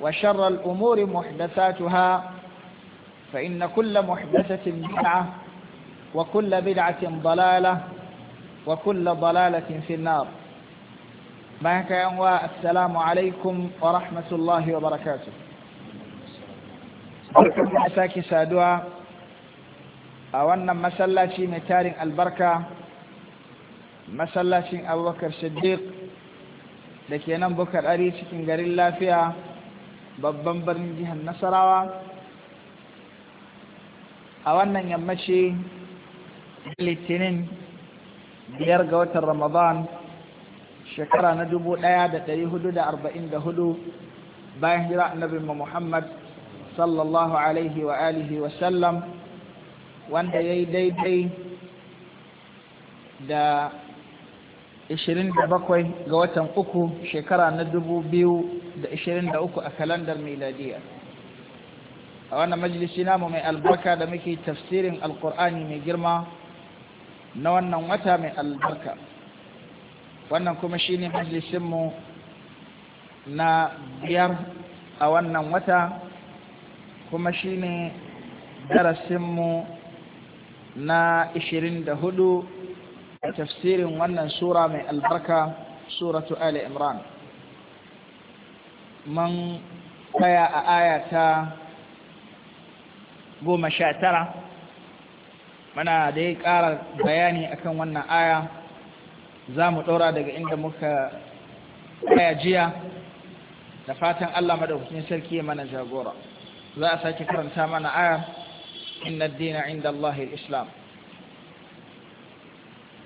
وشر الأمور محدثاتها فإن كل محدثة بدعة وكل بدعة ضلالة وكل ضلالة في النار معك يا السلام عليكم ورحمة الله وبركاته أتاك سادوا أولا مسلاتي متارن البركة مسلاتي أبو بكر صديق لكي ننبكر أريسك قريل الله فيها babban birnin jihar nasarawa a wannan yammaci litinin biyar ga watan ramadan shekara na dubu ɗaya da ɗari hudu da arba'in da hudu bayan hira annabi muhammad sallallahu alaihi wa alihi wa sallam wanda ya yi daidai da 27 ga watan uku shekara na 2023 a kalandar miladiya a wannan majalisi namu mai albarka da muke tafsirin alkur'ani mai girma na wannan wata mai albarka wannan kuma shine majalisinmu na biyar a wannan wata kuma shine darasinmu na 24 tafsirin wannan sura mai albarka suratu ali imran man tsaya a ayata goma sha tara mana da ya ƙara bayani akan wannan aya za mu ɗora daga inda muka tsaya jiya da fatan allah madaukakin sarki mana jagora za a sake karanta mana aya inna dina inda allahi islam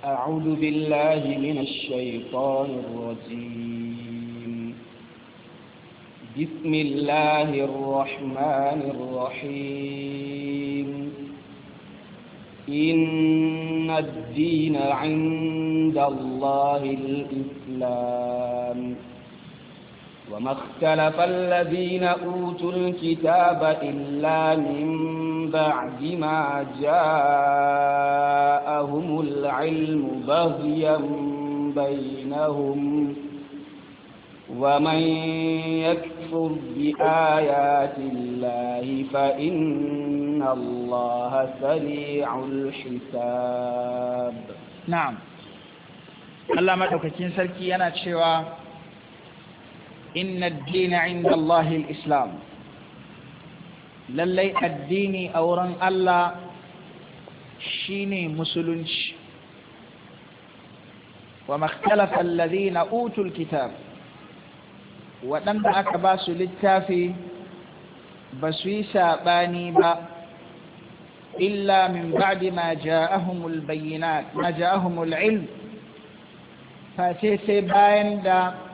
أعوذ بالله من الشيطان الرجيم بسم الله الرحمن الرحيم إن الدين عند الله الإسلام وما اختلف الذين أوتوا الكتاب إلا من بعد ما جاءهم العلم بغيا بينهم ومن يكفر بآيات الله فإن الله سريع الحساب نعم الله ما تكتين سلكي أنا inna addini inda Allahi al’islam lallai addini a wurin Allah shine musulunci wa makhtalafan lalzi na utul kitab waɗanda aka basu littafi ba su yi saɓani ba illa min ba'di ma ja'ahumul bayyinat ma ilm fa sai bayan da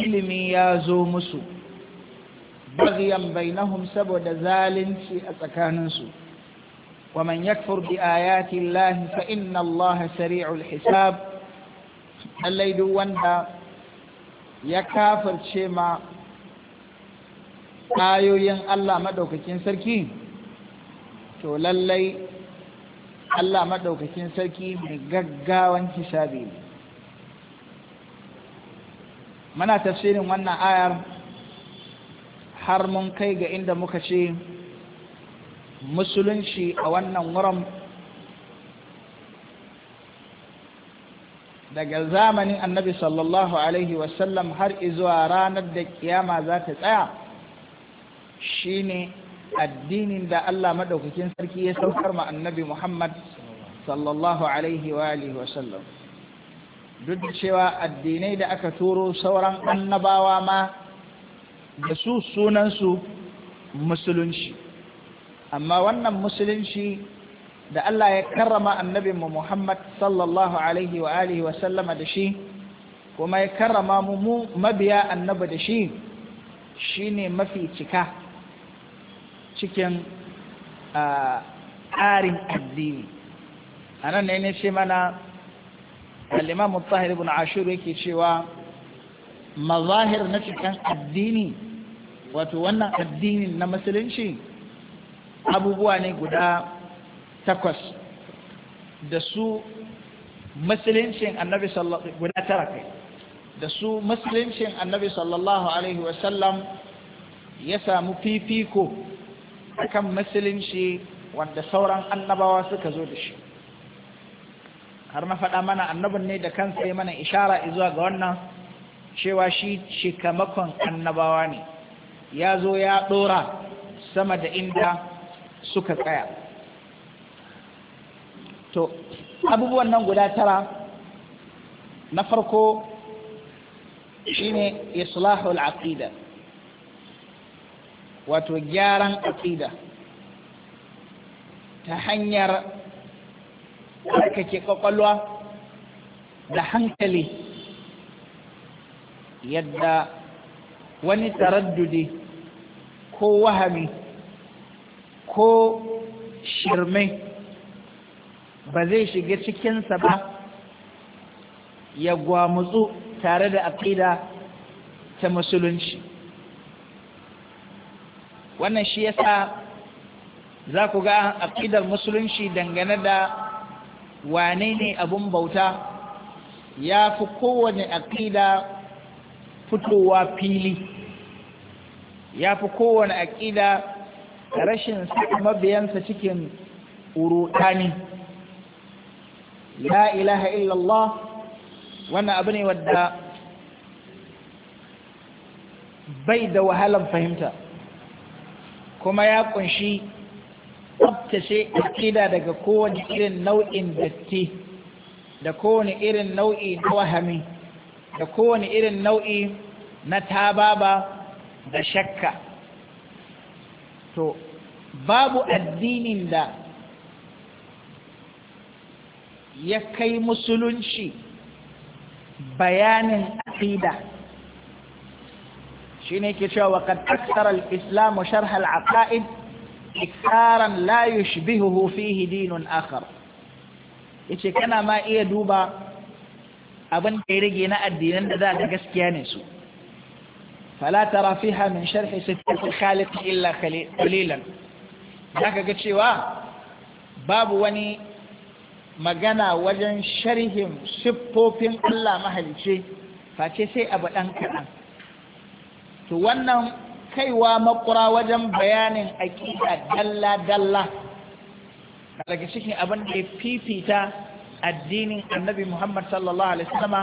ilimi ya zo musu bagiyan bainahum saboda zalunci a tsakaninsu wa man yakfur bi ayati llahi fa inna allaha sari'ul hisab allai duk wanda ya kafirce ma ayoyin Allah madaukakin sarki to lallai Allah madaukakin sarki mai gaggawan hisabi ne muna tafsirin wannan ayar har mun kai ga inda muka ce musulunci a wannan wurin daga zamanin annabi sallallahu alaihi wasallam har izuwa ranar da kiyama za ta tsaya shine addinin da Allah maɗaukakin sarki ya saukar ma annabi Muhammad sallallahu alaihi wa alihi duk da cewa addinai da aka turo sauran annabawa ma da su sunansu musulunci amma wannan musulunci da Allah ya karrama annabinmu Muhammad sallallahu alaihi wa alihi wa sallama da shi kuma ya karrama mu mu mabiya annaba da shi shine mafi cika cikin ah, tsarin addini anan ne ne ce mana al-imam mutahhir ibn ashur yake cewa mazahir na cikin addini wato wannan addini na musulunci abubuwa ne guda takwas da su musuluncin annabi sallallahu guda tara kai da su musuluncin annabi sallallahu alaihi wasallam ya samu fifiko akan musulunci wanda sauran annabawa suka zo da shi har na faɗa mana annabin ne da kansa ya mana ishara zuwa ga wannan cewa shi shekamakon annabawa ne ya zo ya ɗora sama da inda suka tsaya to abubuwan nan guda tara na farko shine islahul aqida wato gyaran aqida ta hanyar ke kwakwalwa da hankali yadda wani taraddudi ko wahami ko shirme ba zai shiga cikinsa ba ya gwamutsu tare da aƙida ta musulunci wannan shi yasa za ku ga aƙidar musulunci dangane da wane ne abun bauta ya fi kowane aƙida fitowa fili ya fi kowane aƙida rashin mabiyansa cikin urutani Ya ilaha illallah wannan abu ne wadda bai da wahalan fahimta kuma ya ƙunshi. tsabtace aƙida daga kowane irin nau'in datti da kowane irin nau'i na wahami da kowane irin nau'i na tababa da shakka to babu addinin da ya kai musulunci bayanin aƙida shi ne ke cewa wa kan aksar al-islamu sharh al-aqaid iktaran la yushbihuhu fihi dinun akhar yace kana ma iya duba abin da ya rage na addinan da za ka gaskiya ne su fala tara fiha min sharh sifat al-khaliq illa qalilan zaka ga cewa babu wani magana wajen sharhin siffofin Allah mahalice face sai abu dan kaɗan to wannan kaiwa makura wajen bayanin aƙida dalla-dalla daga cikin abin da ya fifita addinin annabi Muhammad sallallahu Alaihi wasallama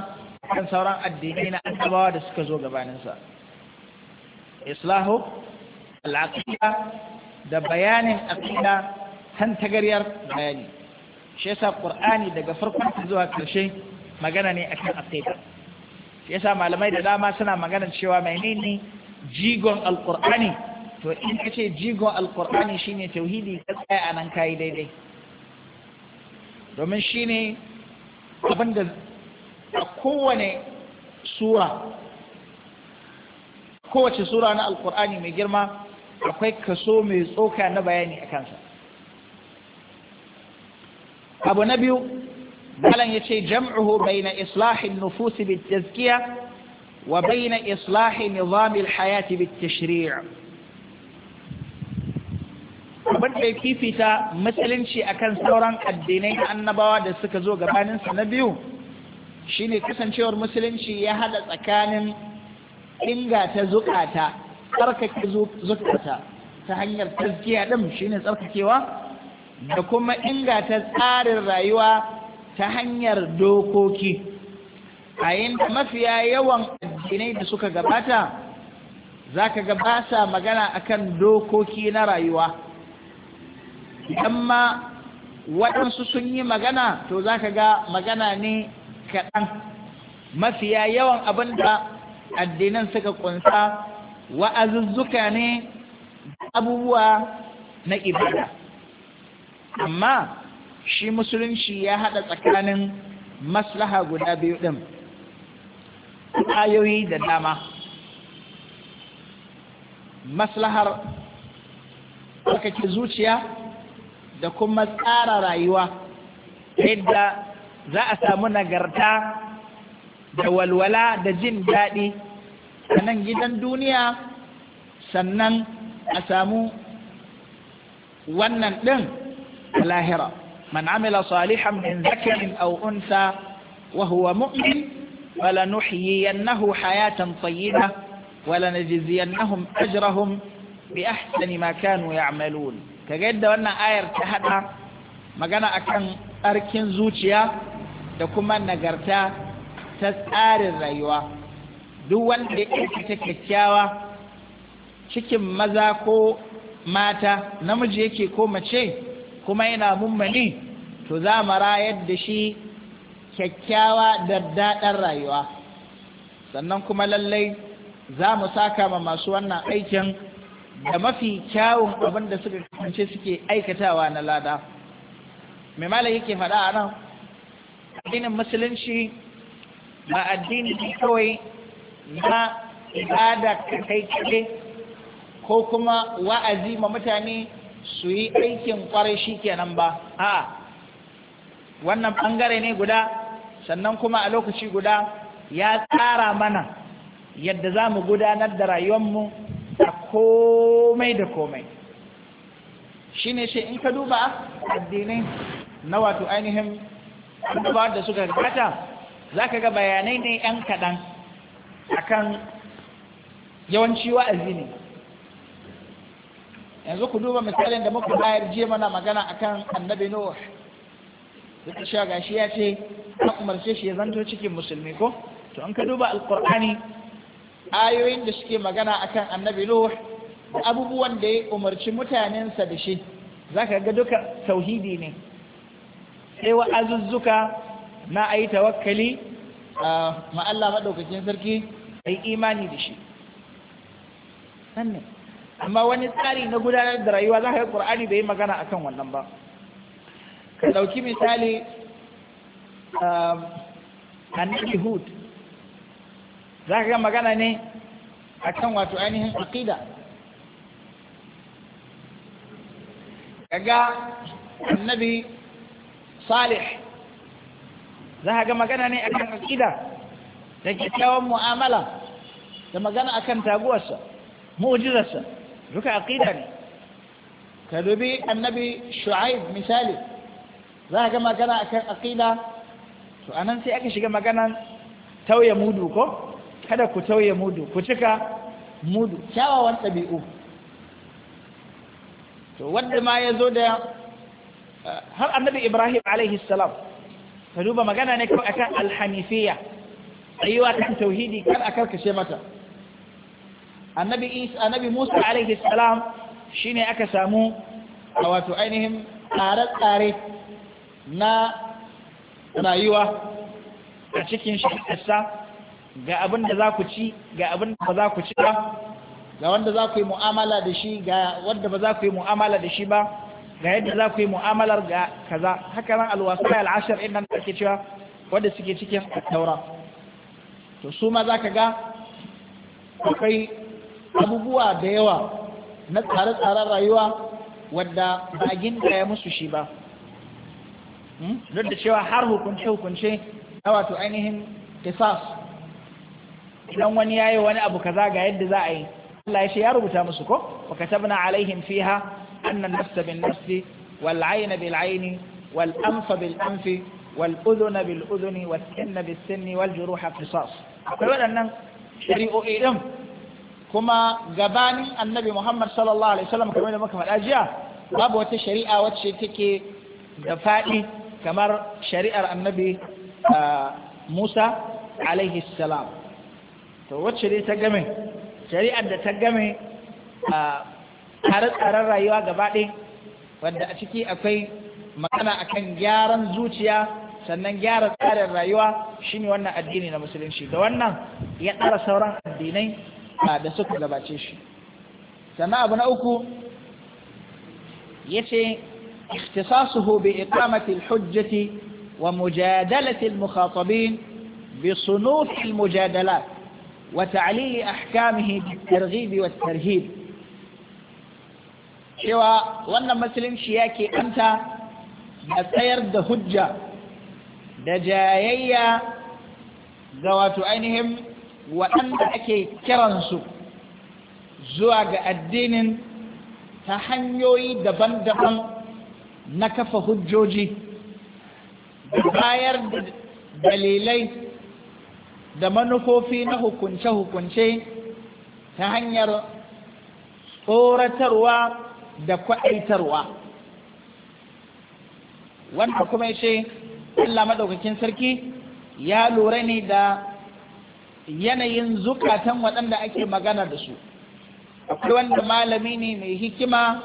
kan sauran addinai na annabawa da suka zo gabaninsa. Islahu, al'aƙida da bayanin aƙida kan tagaryar bayani. Shi yasa Ƙur'ani daga farkon zuwa ƙarshe magana ne kan aƙida. Shi yasa malamai da dama suna magana cewa menene jigon alkur'ani to in ka ce jigon alkur'ani shine tauhidi ka tsaya a nan kayi daidai domin shine abinda a kowane sura kowace sura na alkur'ani mai girma akwai kaso mai tsoka na bayani a kansa abu na biyu malam ya ce jam'uhu bai na islahin nufusi bi tazkiya وبين إصلاح نظام الحياة بالتشريع abin da ya fifita musulunci akan sauran addinai annabawa da suka zo gabaninsa na biyu shine kasancewar musulunci ya hada tsakanin ingata zukata tsarkake zukata ta hanyar tazkiya din shine tsarkakewa da kuma ingata tsarin rayuwa ta hanyar dokoki a yin mafiya yawan addinai da suka gabata za ka basa magana akan dokoki na rayuwa idan ma waɗansu sun yi magana to za ka ga magana ne kaɗan mafiya yawan abin da addinan suka ƙunsa wa'azuzzuka ne abubuwa na ibada amma shi musulunci ya haɗa tsakanin maslaha guda biyu ɗin ayoyi da dama maslahar tsarkake zuciya da kuma tsara rayuwa yadda za a samu nagarta da walwala da jin daɗi a nan gidan duniya sannan a samu wannan ɗin lahira man amila salihan min zakarin aw wa huwa mu'min فلنحيينه حياة طيبة ولنجزينهم أجرهم بأحسن ما كانوا يعملون كجد وانا آير تهدى مغانا أكن أركن زوجيا دكما نغرتا تسعار الرأيوة دوان بإيكت كتاوة cikin maza ko mata namiji yake ko mace kuma yana mummani to za mu rayar da shi kyakkyawa da daɗin rayuwa sannan kuma lallai za mu saka ma masu wannan aikin da mafi kyawun abin da suka kasance suke aikatawa na lada mai malam yake faɗa a nan addinin musulunci ba addini ne kawai na ibada kai kaɗe ko kuma wa'azi ma mutane su yi aikin ƙwarai shi kenan ba a wannan ɓangare ne guda sannan kuma a lokaci guda ya tsara mana yadda za mu gudanar da rayuwanmu a komai da komai shi ne shi in ka duba addinai na wato ainihin annabawa da suka gabata za ka ga bayanai ne 'yan kaɗan akan yawanci wa'azi ne yanzu ku duba misalin da muka bayar jiya mana magana akan annabi Nuh duk sha cewa gashi ya ce an umarce shi ya zanto cikin musulmi ko to an ka duba alqur'ani ayoyin da suke magana akan annabi Nuh da abubuwan da ya umarci mutanensa da shi zaka ga duka tauhidi ne sai wa'azuzzuka na ayi tawakkali ma Allah madaukakin sarki ai imani da shi amma wani tsari na gudanar da rayuwa zaka ga Qur'ani yi magana akan wannan ba ka ɗauki misali annabi hud za ka ga magana ne a kan wato ainihin aƙida kaga annabi salih za ka ga magana ne a kan aƙida da kyakkyawan mu'amala da magana a kan taguwarsa mu'ujizarsa duka aƙida ne ka dubi annabi shu'aib misali za ga magana akan aqida to a nan sai aka shiga maganan tauye mudu ko kada ku tauye mudu ku cika mudu kyawawan ɗabi'u to wadda ma ya zo da eh, har annabi ibrahim alaihi salam ka duba magana ne kawai akan alhanifiya ayyuwa kan tauhidi kar a karkashe mata annabi musa alaihi salam shine aka samu a wato ainihin tsare-tsare na rayuwa a cikin shi'arsa ga abin da za ku ci ga abin da ba za ku ci ba ga wanda za ku yi mu'amala da shi ga wanda ba za ku yi mu'amala da shi ba ga yadda za ku yi mu'amalar ga kaza haka nan alwasai al'ashar inda na ke cewa wanda suke cikin taura to su ma za ka ga akwai abubuwa da yawa na tsare-tsaren rayuwa wadda ba a ya musu shi ba Hmm? duk da cewa har hukunce-hukunce na wato ainihin kisas idan wani ya yi wani abu kaza ga yadda za a yi Allah ya ce ya rubuta musu ko wa katabna alaihim fiha annan nafsa bin nafsi wal ayna bil ayni wal anfa bil anfi wal udhuna bil udhuni was sinna bis sinni wal juruha qisas akwai waɗannan shari'o'i din kuma gabanin annabi Muhammad sallallahu alaihi wasallam kamar da muka faɗa jiya babu wata shari'a wacce take da faɗi kamar shari'ar annabi Musa alaihi salam to wacce ne ta game shari'ar da ta game tsare-tsaren rayuwa gabaɗe wanda a ciki akwai magana akan gyaran zuciya sannan gyara tsarin rayuwa shine wannan addini na musulunci da wannan ya ɗara sauran addinai da suka gabace shi sannan abu na uku ya ce اختصاصه بإقامة الحجة ومجادلة المخاطبين بصنوف المجادلات وتعليل أحكامه بالترغيب والترهيب شوى وانا مسلم شياكي أنت نتير ده حجة دجايي ذوات وأن أكي كرنسو زواج الدين تحنيوي دبن, دبن na kafa hujjoji da bayar da dalilai da manufofi na hukunce-hukunce ta hanyar tsoratarwa da kwaɗaitarwa wanda kuma ce Allah maɗaukakin sarki ya lura ne da yanayin zukatan waɗanda ake magana da su akwai wanda malami ne mai hikima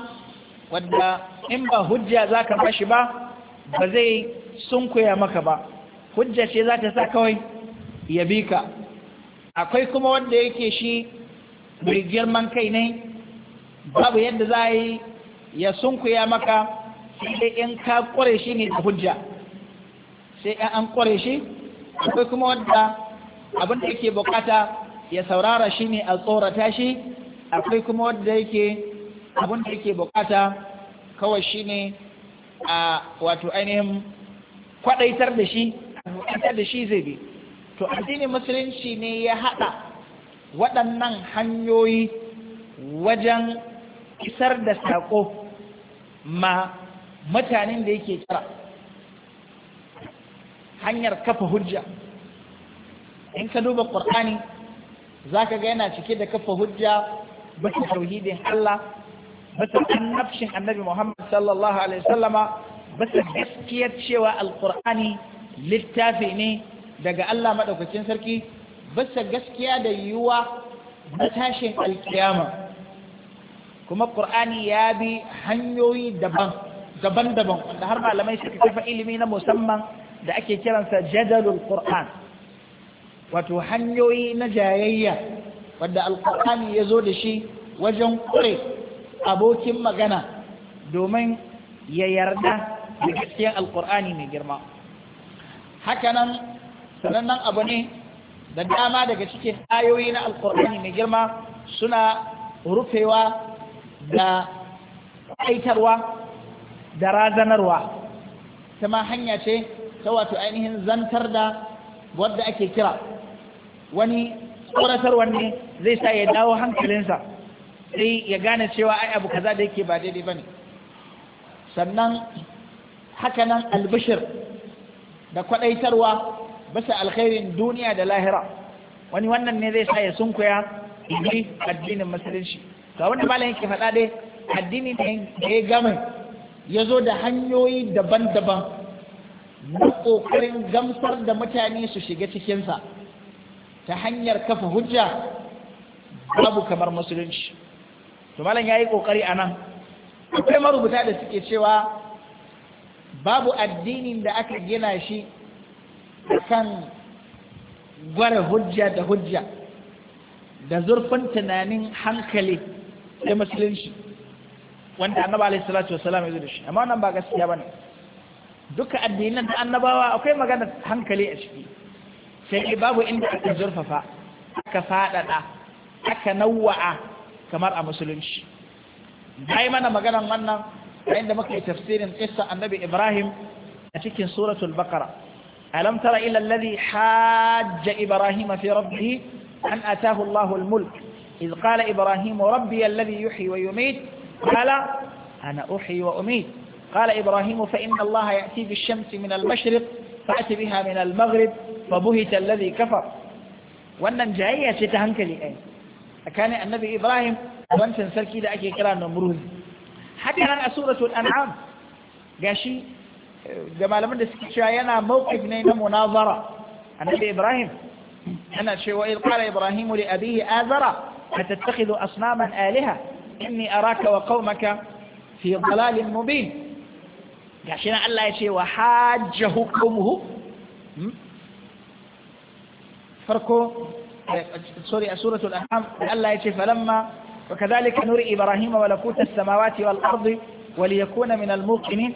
wadda in ba hujja za ka bashi ba ba zai sunkuya maka ba hujja ce za ta sa kawai ya bi ka akwai kuma wanda yake shi mai girman kai ne babu yadda za yi ya sunkuya maka sai in ka kware shi ne da hujja sai in an kware shi akwai kuma wanda abin da yake bukata ya saurara shi ne a tsorata shi akwai kuma wanda yake abin da yake bukata kawai shine a wato ainihin kwadaitar da shi kwadaitar da shi zai bi to addinin musulunci ne ya haɗa waɗannan hanyoyi wajen isar da saƙo ma mutanen da yake kira hanyar kafa hujja in ka duba ƙur'ani za ka ga yana cike da kafa hujja batun tauhidin Allah bisa annabshin annabi Muhammad sallallahu alaihi wasallama bisa gaskiyar cewa alkur'ani littafi ne daga Allah madaukakin sarki bisa gaskiya da yiwuwa na tashin alkiyama kuma ƙur'ani ya bi hanyoyi daban-daban wanda har malamai suka kafa ilimi na musamman da ake kiransa jadalul ƙur'an wato hanyoyi na jayayya wanda alkur'ani ya zo da shi wajen kure abokin magana domin ya yarda da gaskiyar alkur'ani mai girma hakanan sanannen abu ne da dama daga cikin ayoyi na alkur'ani mai girma suna rufewa da aitarwa da razanarwa ta ma hanya ce ta wato ainihin zantar da wadda ake kira wani tsoratarwa ne zai sa ya dawo hankalinsa sai ya gane cewa ai abu kaza da yake ba daidai bane sannan hakanan albishir da kwadaitarwa bisa alkhairin duniya da lahira wani wannan ne zai sa ya sunkuya ji addinin musulunci ga wanda malam yake faɗa dai addini da ya gama ya zo da hanyoyi daban-daban na ƙoƙarin gamsar da mutane su shiga cikinsa ta hanyar kafa hujja babu kamar musulunci to malam yayi kokari anan akwai marubuta da suke cewa babu addinin da aka gina shi kan gwara hujja da hujja da zurfin tunanin hankali da musulunci wanda annaba alaihi salatu wasalam ya zo da shi amma wannan ba gaskiya bane duka addinan da annabawa akwai magana hankali a ciki sai babu inda aka zurfafa aka faɗaɗa aka nawa'a kamar a musulunci ai mana maganan wannan inda muka yi tafsirin qissa annabi Ibrahim a cikin suratul baqara alam tara ila alladhi hajja ibrahim fi rabbih an ataahu Allahu almulk mulk qala ibrahim rabbi alladhi yuhyi wa yumiit qala ana uhyi wa umiit قال إبراهيم فإن الله يأتي بالشمس من المشرق فأتي بها من fa buhita alladhi kafar wannan jayayya ce ta hankali ai tsakanin annabi ibrahim da wancan sarki da ake kira namrud haka nan a suratul an'am gashi eh, ga malaman da suke cewa yana mawqif ne na munazara annabi ibrahim ana cewa il qala ibrahim li abihi azara atattakhidhu asnaman alaha inni araka wa qaumaka fi dalalin mubin gashi nan Allah ya ce wa hajjahu qawmuhu hmm? farko sorry a suratul an'am Allah ya ce falamma wa kadhalika nuri ibrahima malakuta as-samawati wal ardi wa liyakuna min al-muqinin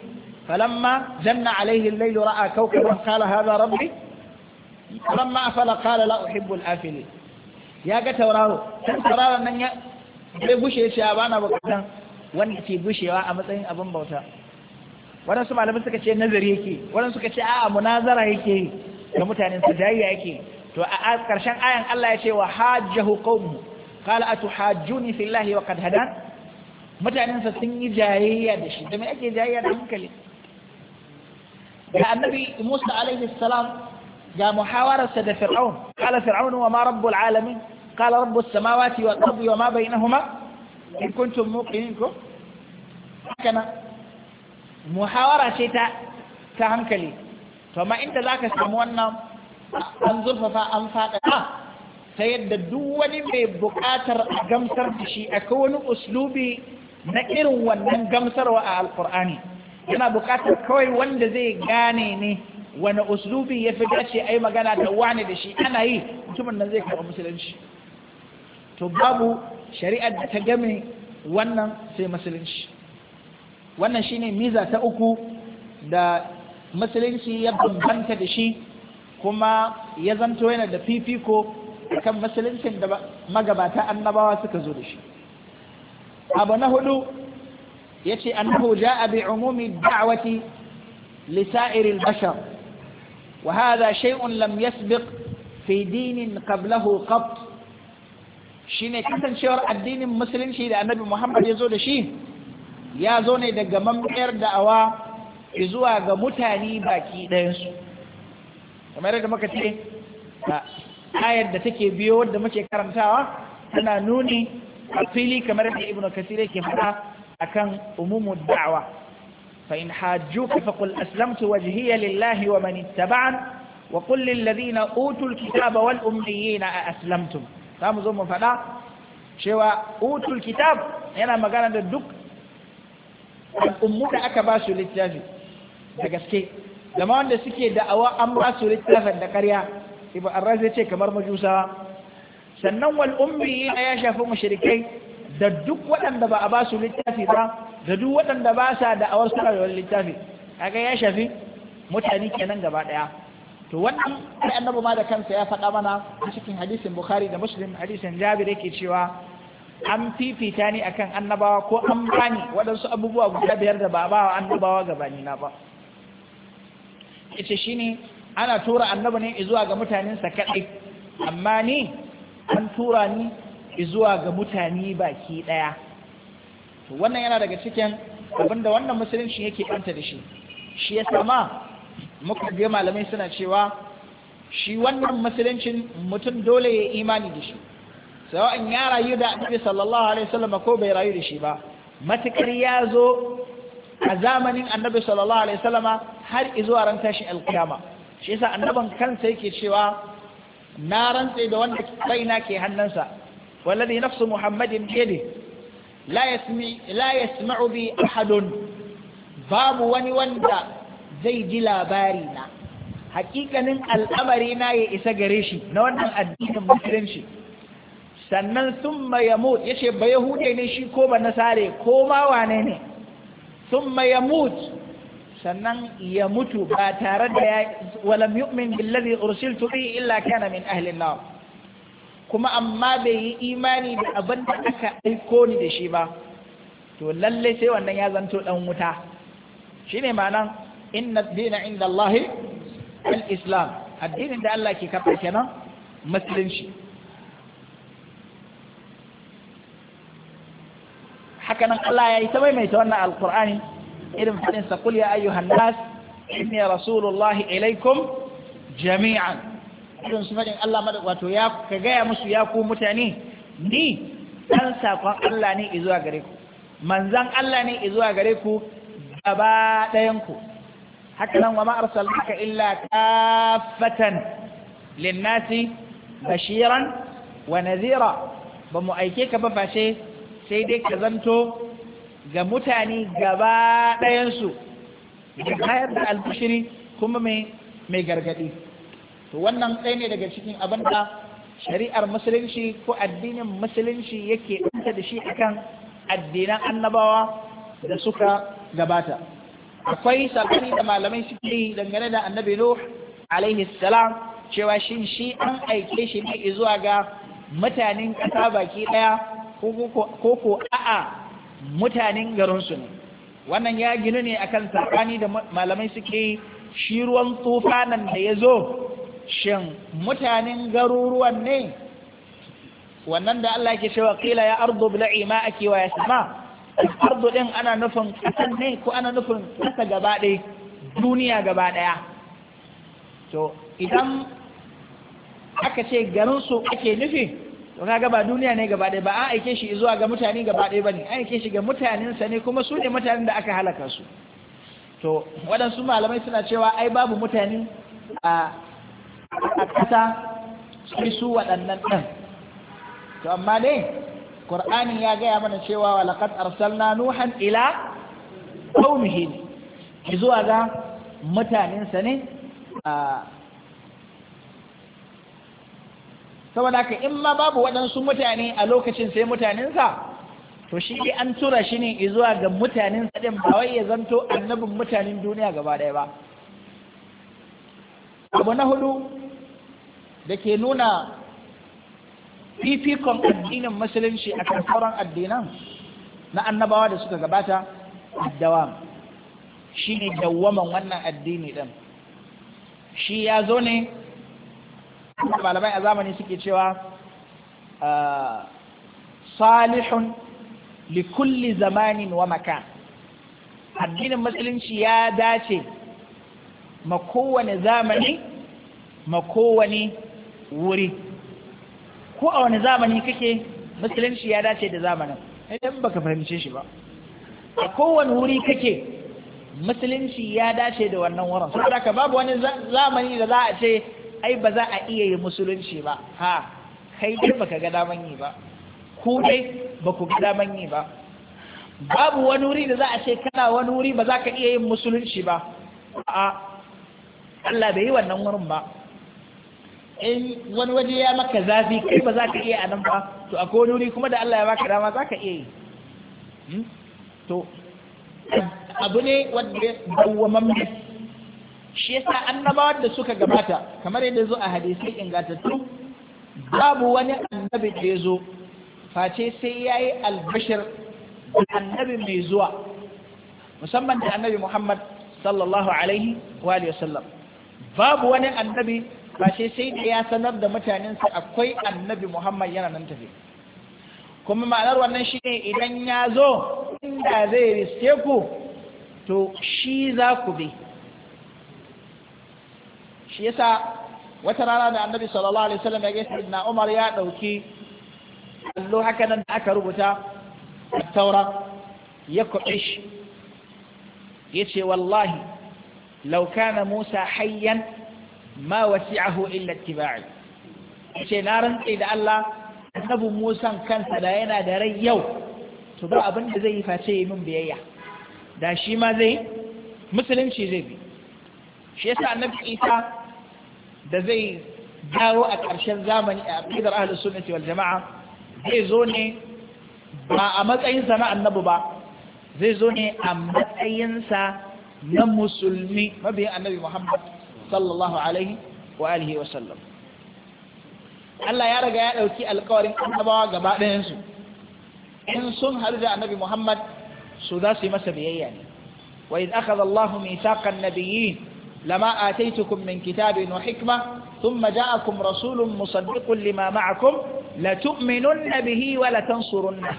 falamma janna alayhi al-layl ra'a kawkaban qala hadha rabbi la uhibbu al ya ga tauraro nan ya ke gushewa a matsayin abin bauta waɗansu malamin suka ce nazari yake waɗansu suka ce a'a munazara yake da mutanen su jayya yake to a karshen ayan Allah ya ce wa hajjahu qawmu qala atuhajjuni fillahi wa qad hadan mutanen sa sun yi jayayya da shi da me ake jayayya da hankali da annabi Musa alaihi salam ga muhawarar sa da Fir'aun qala Fir'aun wa ma rabbul alamin qala rabbus samawati wal ardi wa ma bainahuma in kuntum muqinin ko kana muhawara ce ta ta hankali to amma inda zaka samu wannan an zurfafa an faɗaɗa ah, ta yadda duk wani mai buƙatar a gamsar da shi a wani uslubi na irin wannan gamsarwa a Alƙur'ani yana buƙatar kawai wanda zai gane ne wani uslubi ya fi dace a yi magana da wane da shi ana yi mutumin nan zai kawo musulunci to babu shari'ar da ta game wannan sai musulunci wannan shine miza ta uku da musulunci ya bambanta da shi kuma ya zanto yana da fifiko kan musuluncin da magabata annabawa suka zo da shi abu na hudu ya ce annahu ja'a bi umumi da'awati li sa'iril bashar wa hadha shay'un lam yasbiq fi dinin qablahu qat shine kasancewar addinin musulunci da annabi Muhammad ya zo da shi ya zo ne daga mamayar da'awa zuwa ga mutane baki ɗayansu kamar yadda muka ce ayar da take biyo wadda muke karantawa tana nuni a fili kamar yadda ibnu kasir yake faɗa akan umumu da'wa fa in ka fa qul aslamtu wajhiya lillahi wa man ittaba'an wa qul lil ladina utul kitaba wal ummiyina a aslamtum zamu zo mu faɗa cewa utul kitab yana magana da duk al'ummu da aka ba su littafi da gaske da wanda suke da'awa an ba su littafin da karya, ibn arras ya ce kamar majusa sannan wal na ya shafi mushrikai da duk waɗanda ba a ba su littafi ba da duk waɗanda ba sa da'awar suna da littafi kaga ya shafi mutane kenan gaba ɗaya to wannan sai annabi ma da kansa ya faɗa mana a cikin hadisin bukhari da muslim hadisin jabir yake cewa an fifita ni akan annabawa ko an bani waɗansu abubuwa guda biyar da ba a ba annabawa gabani na ba shi shine ana tura annabi ne zuwa ga mutanensa kadai amma ni an tura ni zuwa ga mutane baki ɗaya. to wannan yana daga cikin abinda wannan musulunci yake banta da shi shi ya sama muka ga malamai suna cewa shi wannan musulunci mutum dole ya imani da shi sawa'in ya rayu da annabi sallallahu alaihi wasallam ko bai rayu da shi ba matukar ya zo a zamanin annabi sallallahu alaihi wasallama har izuwa ran tashin alkiyama shi yasa annaban kansa yake cewa na rantse da wanda raina ke hannunsa wallazi nafsu muhammadin biyadi la yasmi la yasma'u bi ahadun babu wani wanda zai ji labari na hakikanin al'amari na ya isa gare shi na wannan addinin musulunci sannan sun ya ce ba yahude ne shi ko ba nasare ko ma wane ne ya mutu sannan ya mutu ba tare da ya walam yu'min billadhi ursiltu bihi illa kana min ahli an-nar kuma amma bai yi imani da abin da aka aiko ni da shi ba to lallai sai wannan ya zanto dan wuta shine ma'anan inna ad-dina inda Allah al-islam addinin da Allah ke kafa kenan musulunci haka nan Allah ya yi ta maimaita wannan alkur'ani irin faɗin sa kul ya ayyuhan nas inni rasulullahi ilaikum jami'an irin su faɗin Allah mada wato ya ka gaya musu ya ku mutane ni dan sakon Allah ne izuwa gare ku manzan Allah ne izuwa gare ku gaba ɗayan ku haka nan wa ma arsalnaka illa kaffatan linnasi bashiran wa nadhira ba mu aike ka ba fashe sai dai ka zanto ga mutane gaba ɗayansu bayar da albushiri kuma mai gargaɗi to wannan ɗaya ne daga cikin abin da shari'ar musulunci ko addinin musulunci yake ɗanta da shi akan addinan annabawa da suka gabata akwai sabani da malamai suke yi dangane da annabi nuh alaihi salam cewa shi shi an aike shi ne zuwa ga mutanen ƙasa baki ɗaya ko ko a'a mutanen garinsu ne wannan ya ginu ne akan saɓani da malamai suke shi ruwan tsufanan da ya zo shin mutanen garuruwan ne wannan da Allah ke cewa kila ya ardo bila'i ma ake wa ya sama ardo ɗin ana nufin kasan ne ko ana nufin kasa gaba duniya gaba ɗaya to idan aka ce garinsu ake nufi to kaga ba duniya ne gaba ɗaya ba an aike shi zuwa ga mutane gaba ɗaya bane an aike shi ga mutanensa ne kuma su ne mutanen da aka halaka su to waɗansu malamai suna cewa ai babu mutane a ƙasa sai su waɗannan ɗin to amma dai ƙur'ani ya gaya mana cewa wa laqad arsalna nuhan ila qaumihi zuwa ga mutanensa ne a saboda ka in ma babu waɗansu mutane a lokacin sai mutanensa to shi ne an tura shi ne zuwa ga mutanen sadin ba wai ya zanto annabin mutanen duniya gaba ɗaya ba abu na hudu da ke nuna fifikon addinin musulunci a kan sauran addinan na annabawa da suka gabata dawa shi ne dawwaman wannan addini ɗin shi ya zo ne malamai a zamani suke cewa ah, salihun li kulli zamanin wa makan addinin musulunci ya dace ma kowane zamani ma kowane wuri ko a wani zamani kake musulunci ya dace da zamanin idan baka fahimce shi ba a kowane wuri kake musulunci ya dace da wannan wurin saboda ka babu wani zamani da za a ce ai ba za a iya yi musulunci ba ha kai dai ba ga daman yi ba ku dai ba ku ga daman yi ba babu wani wuri da za a ce kana wani wuri ba za ka iya yin musulunci ba a Allah bai yi wannan wurin ba in wani waje ya maka zafi kai ba za ka iya anan ba to akwai wani wuri kuma da Allah ya baka dama za ka iya yi hmm? to abu ne wanda dawwamamme shi yasa annabawan da suka gabata kamar yadda zo a hadisai ingantattu babu wani annabi da ya zo face sai ya yi albashir annabi mai zuwa musamman da annabi muhammad sallallahu alaihi wa sallam babu wani annabi face sai da ya sanar da mutanensa akwai annabi muhammad yana nan tafe kuma ma'anar wannan shi ne idan ya zo inda zai riske ku to shi za ku bi shi yasa wata rana da annabi sallallahu alaihi wasallam ya gaisa na Umar ya dauki allo haka nan da aka rubuta taura ya kuɗish yace wallahi law kana Musa hayyan ma wasi'ahu illa ittiba'i yace na rantsi da Allah annabi Musa kansa da yana da rai yau to ba abin da zai yi face yi min biyayya da shi ma zai musulunci zai bi shi yasa annabi Isa da zai dawo a ƙarshen zamani a aqidar ahlus sunnati wal jama'a zai zo ne ba a matsayinsa na annabi ba zai zo ne a matsayinsa na musulmi mabiyin annabi Muhammad sallallahu alaihi wa alihi wa sallam Allah ya raga ya ɗauki alkawarin annabawa gaba ɗayansu in sun haɗu da annabi Muhammad su za su yi masa biyayya ne wa idh akhadha Allah mithaqan nabiyyin لما آتيتكم من كتاب وحكمة ثم جاءكم رسول مصدق لما معكم لتؤمنن به ولتنصرنه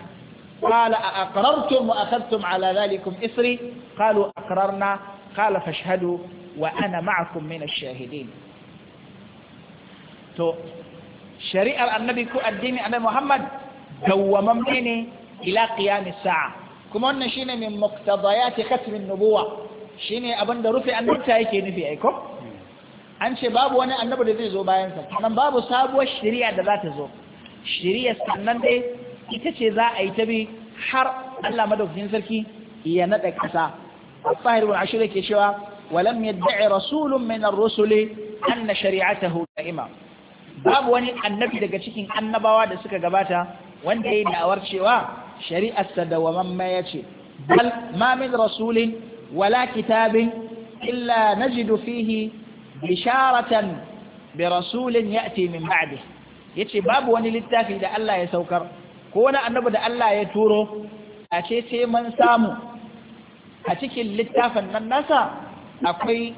قال أأقررتم وأخذتم على ذلكم إثري قالوا أقررنا قال فاشهدوا وأنا معكم من الشاهدين تو شريعة النبي كو الدين annabi محمد dawwamamme ne إلى قيام الساعة كمون نشين من مقتضيات ختم النبوة ne abin da rufe annabta yake nufi aiko an ce babu wani annabi da zai zo bayansa sannan babu sabuwar shari'a da za ta zo shari'a sannan dai ita ce za a yi ta bi har Allah madaukakin sarki ya naɗa ƙasa Fahir bin Ashir ke cewa walam yadda'i rasulun min ar-rusuli anna shari'atahu qa'ima babu wani annabi daga cikin annabawa da suka gabata wanda yayi da'awar cewa shari'arsa da wamamma ce. bal ma min rasulin Wala ولا كتاب إلا نجد فيه بشارة برسول يأتي من بعده yace babu wani littafi da Allah ya saukar ko wani annabi da Allah ya turo a ce mun samu a cikin littafin nan nasa akwai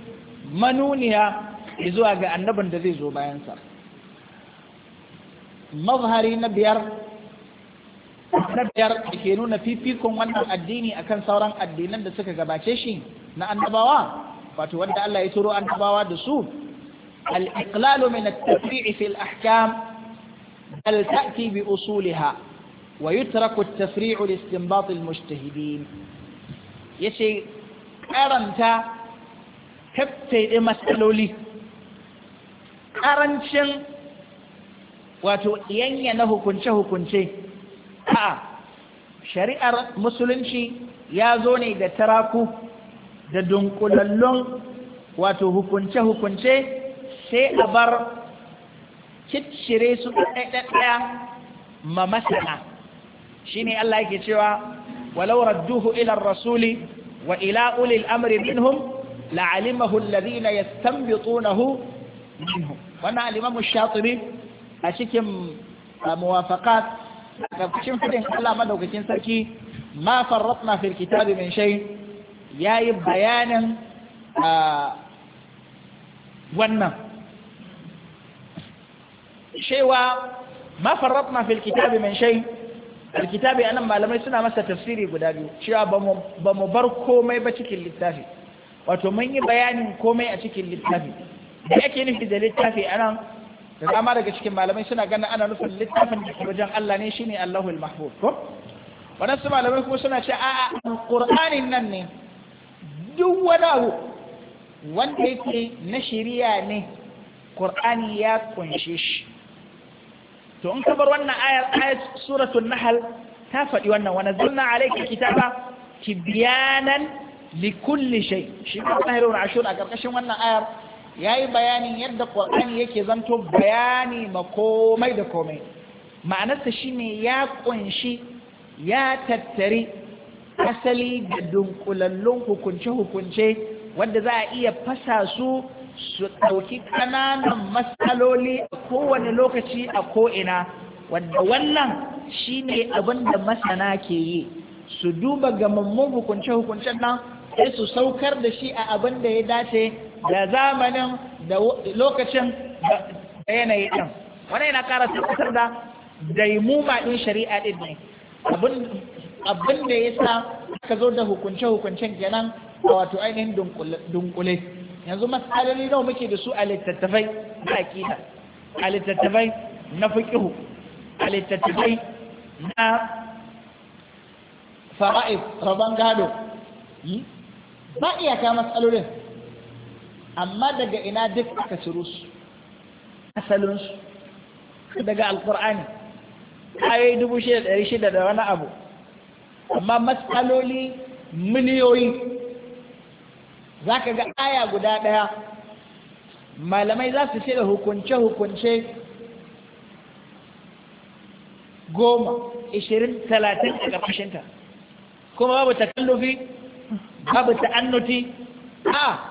manuniya zuwa ga annabin da zai zo bayansa mazhari na biyar na biyar da ke nuna fifikon wannan addini akan sauran addinan da suka gabace shi na annabawa wato wanda Allah ya turo annabawa da su al-iqlalu min at-tafri'i fil ahkam bal ta'ti bi usuliha wa yutraku at-tafri'u li istinbat al-mujtahidin yace karanta tattaide matsaloli karancin wato yanya na hukunce hukunce a'a shari'ar musulunci ya zo ne da taraku da dunkulallon wato hukunce-hukunce sai a bar ciccire su ɗaya ma masana shi ne Allah yake cewa walau radduhu ilar rasuli wa ila ulil amri minhum la'alimahu alladhina yastanbitunahu minhum wannan al-imam ash-shatibi a cikin uh, muwafaqat cikin fadin Allah madaukakin sarki ma farratna fil kitab min shay yayi bayanin wannan cewa ma farratna fil kitab min shay kitab anan malamai suna masa tafsiri guda biyu cewa ba mu bar komai ba cikin littafi wato mun yi bayanin komai a cikin littafi da yake nufi da littafi anan da dama daga cikin malamai suna ganin ana nufin littafin da wajen Allah ne shine Allahul Mahfuz ko wadansu malamai kuma suna ce a'a Qur'anin nan ne duk wani abu wanda yake na shari'a ne Qur'ani ya kunshe shi to in ka bar wannan ayar ayat suratul nahl ta faɗi wannan wa nazzalna alayka kitaba tibyanan likulli shay shi ko tahirun ashur a karkashin wannan ayar ya yi bayanin yadda ƙwar'ani yake zanto bayani ma komai da komai ma'anarsa shi ne ya ƙunshi ya tattari asali da dunkulallun hukunce-hukunce wadda za a iya fasa su su ɗauki ƙananan matsaloli a kowane lokaci a ko'ina wadda wannan shine abin da masana ke yi su duba gamammun hukunce-hukuncen nan sai su saukar da shi a abin da ya dace da zamanin da lokacin da yanayi ɗin wani yana ƙara tabbatar da daimuma ɗin shari'a ɗin ne abin da ya sa ka zo da hukunce-hukuncen kenan a wato ainihin dunkule yanzu matsaloli nawa muke da su a littattafai na aƙida a littattafai na fiƙihu a littattafai na fara'if rabon gado hmm? ba iyaka matsalolin amma daga ina duk aka ciro su su daga alkur'ani ayoyi dubu shida ɗari shida da wani abu amma matsaloli miliyoyi za ka ga aya guda ɗaya malamai za su shiga hukunce-hukunce goma ishirin talatin a ƙarfashinta kuma babu takallufi babu ta'annuti a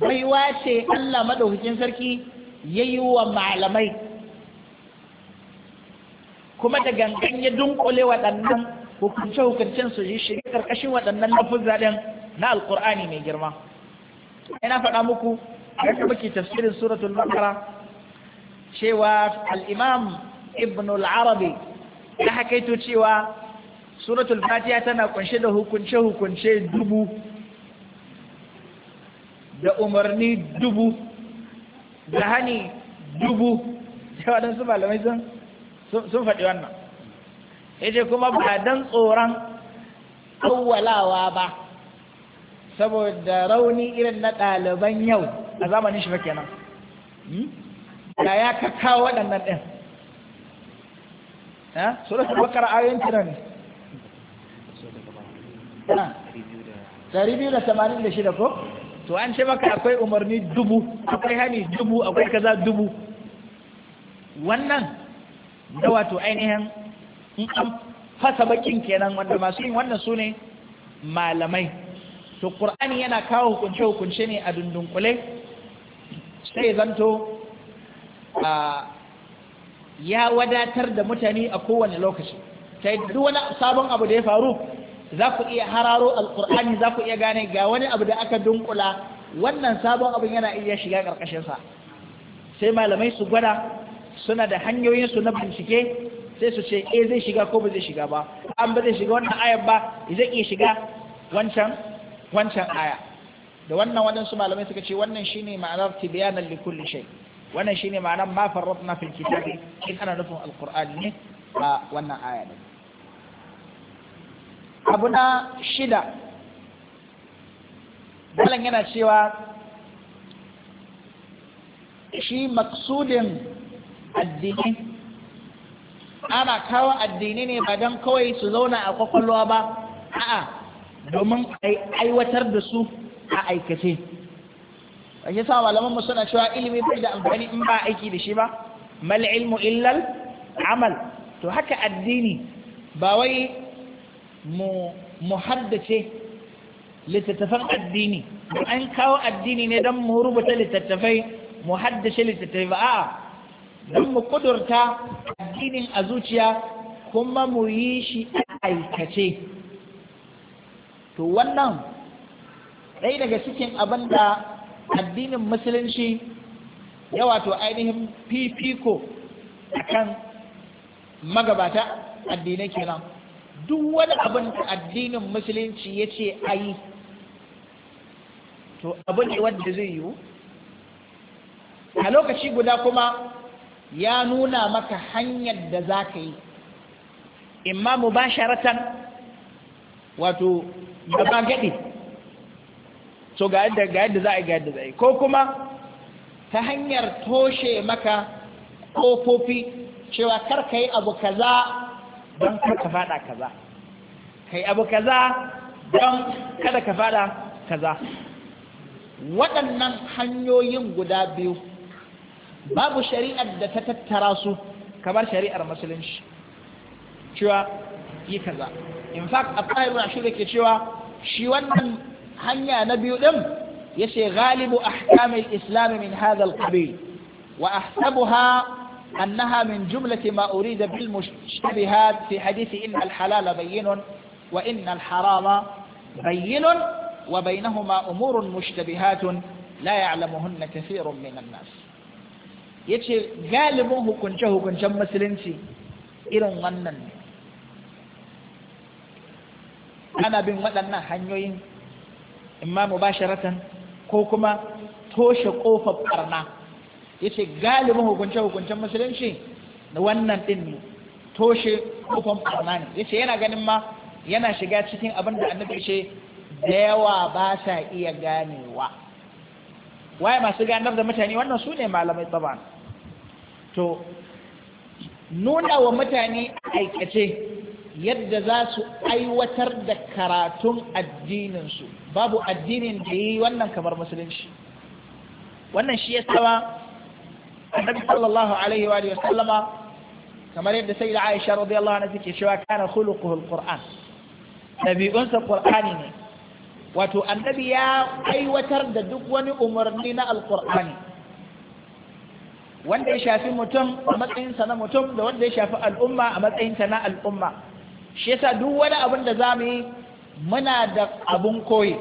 baiwa ce Allah madaukakin sarki yayi wa malamai kuma da gangan ya dunkule waɗannan hukunce-hukuncen su yi shiga ƙarƙashin waɗannan lafuzza ɗin na alƙur'ani mai girma ina faɗa muku yadda muke tafsirin suratul baqara cewa al-imam ibn al-arabi ya hakaito cewa suratul fatiha tana kunshe da hukunce-hukunce dubu da umarni dubu da hani dubu da waɗansu malamai sun faɗi wannan ita kuma ba don tsoron awwalawa ba saboda rauni irin na ɗaliban yau a zamanin shi kenan hmm? da ya kawo waɗannan ɗin suratul bakar ayoyin ne ɗari biyu da tamanin da shida ko to an ce maka akwai umarni dubu akwai hani dubu akwai kaza dubu wannan da wato ainihin in an fasa bakin kenan wanda masu yin wannan su ne malamai to qur'ani yana kawo hukunce-hukunce ne a dundunkule sai zanto a ya wadatar da mutane a kowane lokaci Sai duk wani sabon abu da ya faru za ku iya hararo alkur'ani za ku iya gane ga wani abu da aka dunkula wannan sabon abin yana iya shiga ƙarƙashinsa sai malamai su gwada suna da hanyoyinsu na bincike sai su ce eh zai shiga ko ba zai shiga ba an ba zai shiga wannan ayar ba zai iya shiga wancan wancan aya da wannan su malamai suka ce wannan shine ma'anar tibyanan li kulli shay wannan shine ma'anar ma farratna fil kitabi in ana nufin alqur'ani ne ba wannan aya ne abu na shida malam yana cewa shi maksudin addini ana kawo addini ne ba don kawai su zauna a kwakwalwa ba a'a domin aiwatar da su a aikace ya sa malaman mu suna cewa ilimi bai da amfani in ba aiki da shi ba mal ilmu illal amal to haka addini ba wai mu haddace littattafan addini mu an kawo addini ne don mu rubuta littattafai mu haddace littattafai ba a'a don mu kudurta addinin a zuciya kuma mu yi shi aikace to wannan ɗaya daga cikin abin da addinin musulunci ya wato ainihin fifiko a kan magabata addinai kenan duk wani abin da addinin musulunci ya ce a yi to abin ne wanda zai yi a lokaci guda kuma ya nuna maka hanyar da za ka yi imma mu ba sharatan wato gaba gaɗi to ga yadda za a yi ga yadda za a yi ko kuma ta hanyar toshe maka ƙofofi cewa karka yi abu kaza don ka fada kaza kai abu kaza don kada ka fada kaza waɗannan hanyoyin guda biyu babu shari'ar da ta tattara su kamar shari'ar musulunci cewa yi kaza in fact abdullahi a ashur yake cewa shi wannan hanya na biyu ɗin ya ce galibu al-islam min hadha al-qabil wa ahsabuha أنها من جملة ما أريد بالمشتبهات في حديث إن الحلال بين وإن الحرام بين وبينهما أمور مشتبهات لا يعلمهن كثير من الناس يتشي غالبوه كنجه هكونجا مسلنسي إلن ونن أنا بين ودنا هنيوين إما مباشرة كوكما توش قوف برنا yace galibin hukunce hukuncen musulunci na wannan din ne toshe kofan barna ne yace yana ganin ma yana shiga cikin abin da annabi ce da yawa ba sa iya ganewa waye masu ganar da mutane wannan su ne malamai taban to nuna wa mutane aikace yadda za su aiwatar da karatun addininsu babu addinin da yi wannan kamar musulunci wannan shi ya sawa annabi sallallahu alaihi wa sallama kamar yadda sai da aisha radiyallahu anha take cewa kana khuluquhu alquran dabi'unsa qur'ani ne wato annabi ya aiwatar da duk wani umarni na alqur'ani wanda ya shafi mutum a matsayinsa na mutum da wanda ya shafi al'umma a matsayinta na al'umma shi yasa duk wani abin da za mu yi muna da abun koyi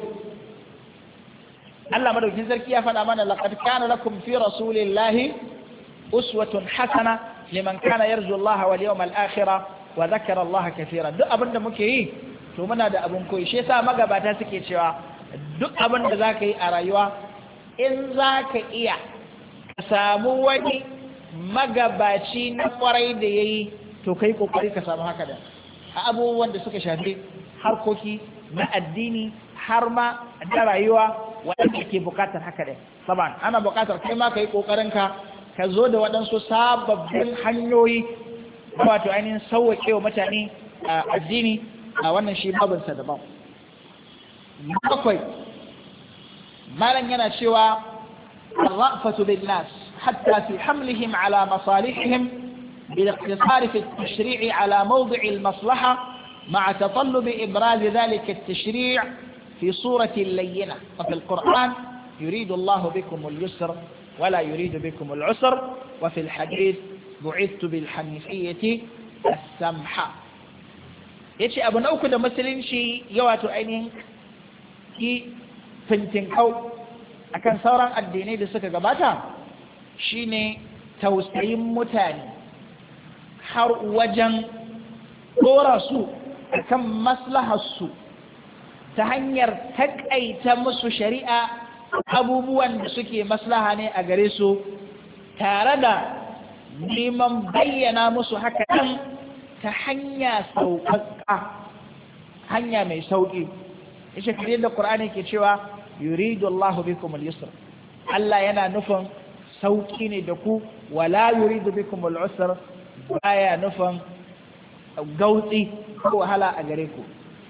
Allah madaukin sarki ya faɗa mana laqad kana lakum fi rasulillahi uswatun hasana liman kana yarju Allah wal yawmal akhira wa dhakara Allah duk abinda da muke yi to muna da abun koyi shi yasa magabata suke cewa duk abin da zaka yi a rayuwa in zaka iya ka samu wani magabaci na kwarai da yayi to kai kokari ka samu haka da a abubuwan da suka shafi harkoki na addini har ma da rayuwa waɗanda ke bukatar haka da saban ana bukatar kai ma ka yi ka. ka zo da waɗansu sababbin hanyoyi wato ainihin sauwaƙe wa mutane a addini a wannan shi babinsa daban bakwai malam yana cewa الرأفة بالناس حتى في حملهم على مصالحهم بالاقتصار في التشريع على موضع المصلحة مع تطلب إبراز ذلك التشريع في صورة لينة ففي القرآن يريد الله بكم اليسر ولا يريد بكم العسر وفي الحديث بعثت بالحنيفية السمحة yace abu na uku da musulunci ya wato ainihin ki fintinkau akan sauran addinai da suka gabata shine tausayin mutane har wajen dora su akan maslaharsu ta hanyar takaita musu shari'a abubuwan da suke maslaha ne a gare su tare da neman bayyana musu haka ɗan ta hanya sauƙaƙa hanya mai sauƙi ishe kare da ƙur'ani ke cewa yuridu Allahu bikum al-yusr Allah yana nufin sauƙi ne da ku wala yuridu bikum al-usr baya nufin gautsi ko wahala a gare ku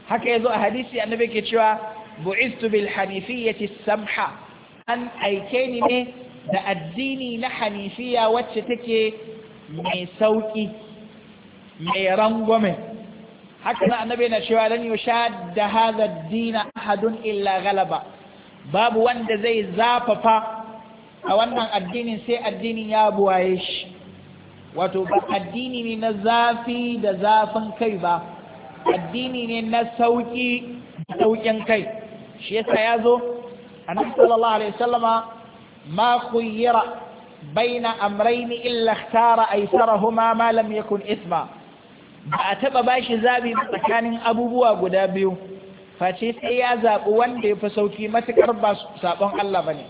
haka yazo a hadisi annabi ke cewa bu'istu bil hanifiyyati samha an aike ni ne da addini na hanifiya wacce take mai sauƙi mai rangwame haka na annabi na cewa lan yushadda hadha ad-din ahadun illa galaba babu wanda zai zafafa a wannan addinin sai addinin ya buwaye shi wato ba addini ne na zafi da zafin kai ba addini ne na sauƙi da saukin kai shi yasa ya zo annabi sallallahu alaihi wasallama ma khuyyira baina amrayn illa ikhtara aysarahuma ma lam yakun isma ba a taba bashi zabi tsakanin abubuwa guda biyu face sai ya zabi wanda ya fi sauki matukar ba sabon Allah bane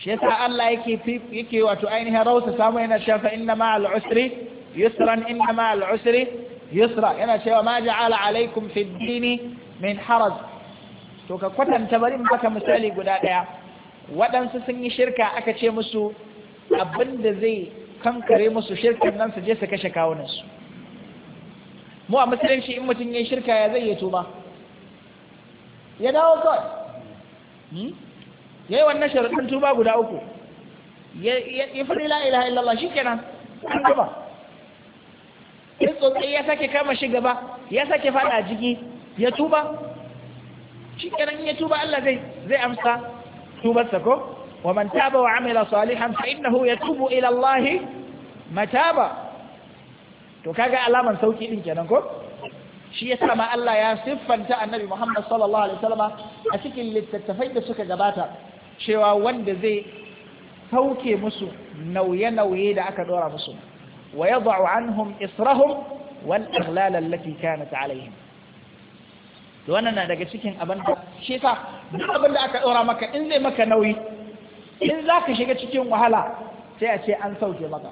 shi yasa Allah yake yake wato ainihin rausa samu yana cewa inna ma al-usri yusran inna ma al-usri yusra yana cewa ma ja'ala alaikum fid dini min haraj to ka kwatanta bari in baka misali guda ɗaya waɗansu sun yi shirka aka ce musu abin da zai kankare musu shirkan nan su je su kashe kawunansu mu a musulunci in mutum ya yi shirka ya zai ya tuba ya dawo kawai hmm? ya yi wannan sharaɗin tuba guda uku ya fi la ilaha illallah shi kenan an gaba in tsotsi ya sake kama shi gaba ya sake fada jiki ya tuba shi kenan ya tuba Allah zai zai amsa tubarsa ko wa man taba wa amila salihan fa innahu yatubu ila Allah mataba to kaga alaman sauki din kenan ko shi ya ma Allah ya siffanta Annabi Muhammad sallallahu alaihi wasallam a cikin littattafai da suka gabata cewa wanda zai sauke musu nauye-nauye da aka dora musu wa yad'u anhum israhum wal aghlal allati kanat alaihim to wannan na daga cikin abin da shi yasa duk abin da aka ɗora maka in zai maka nauyi in za ka shiga cikin wahala sai a ce an sauke maka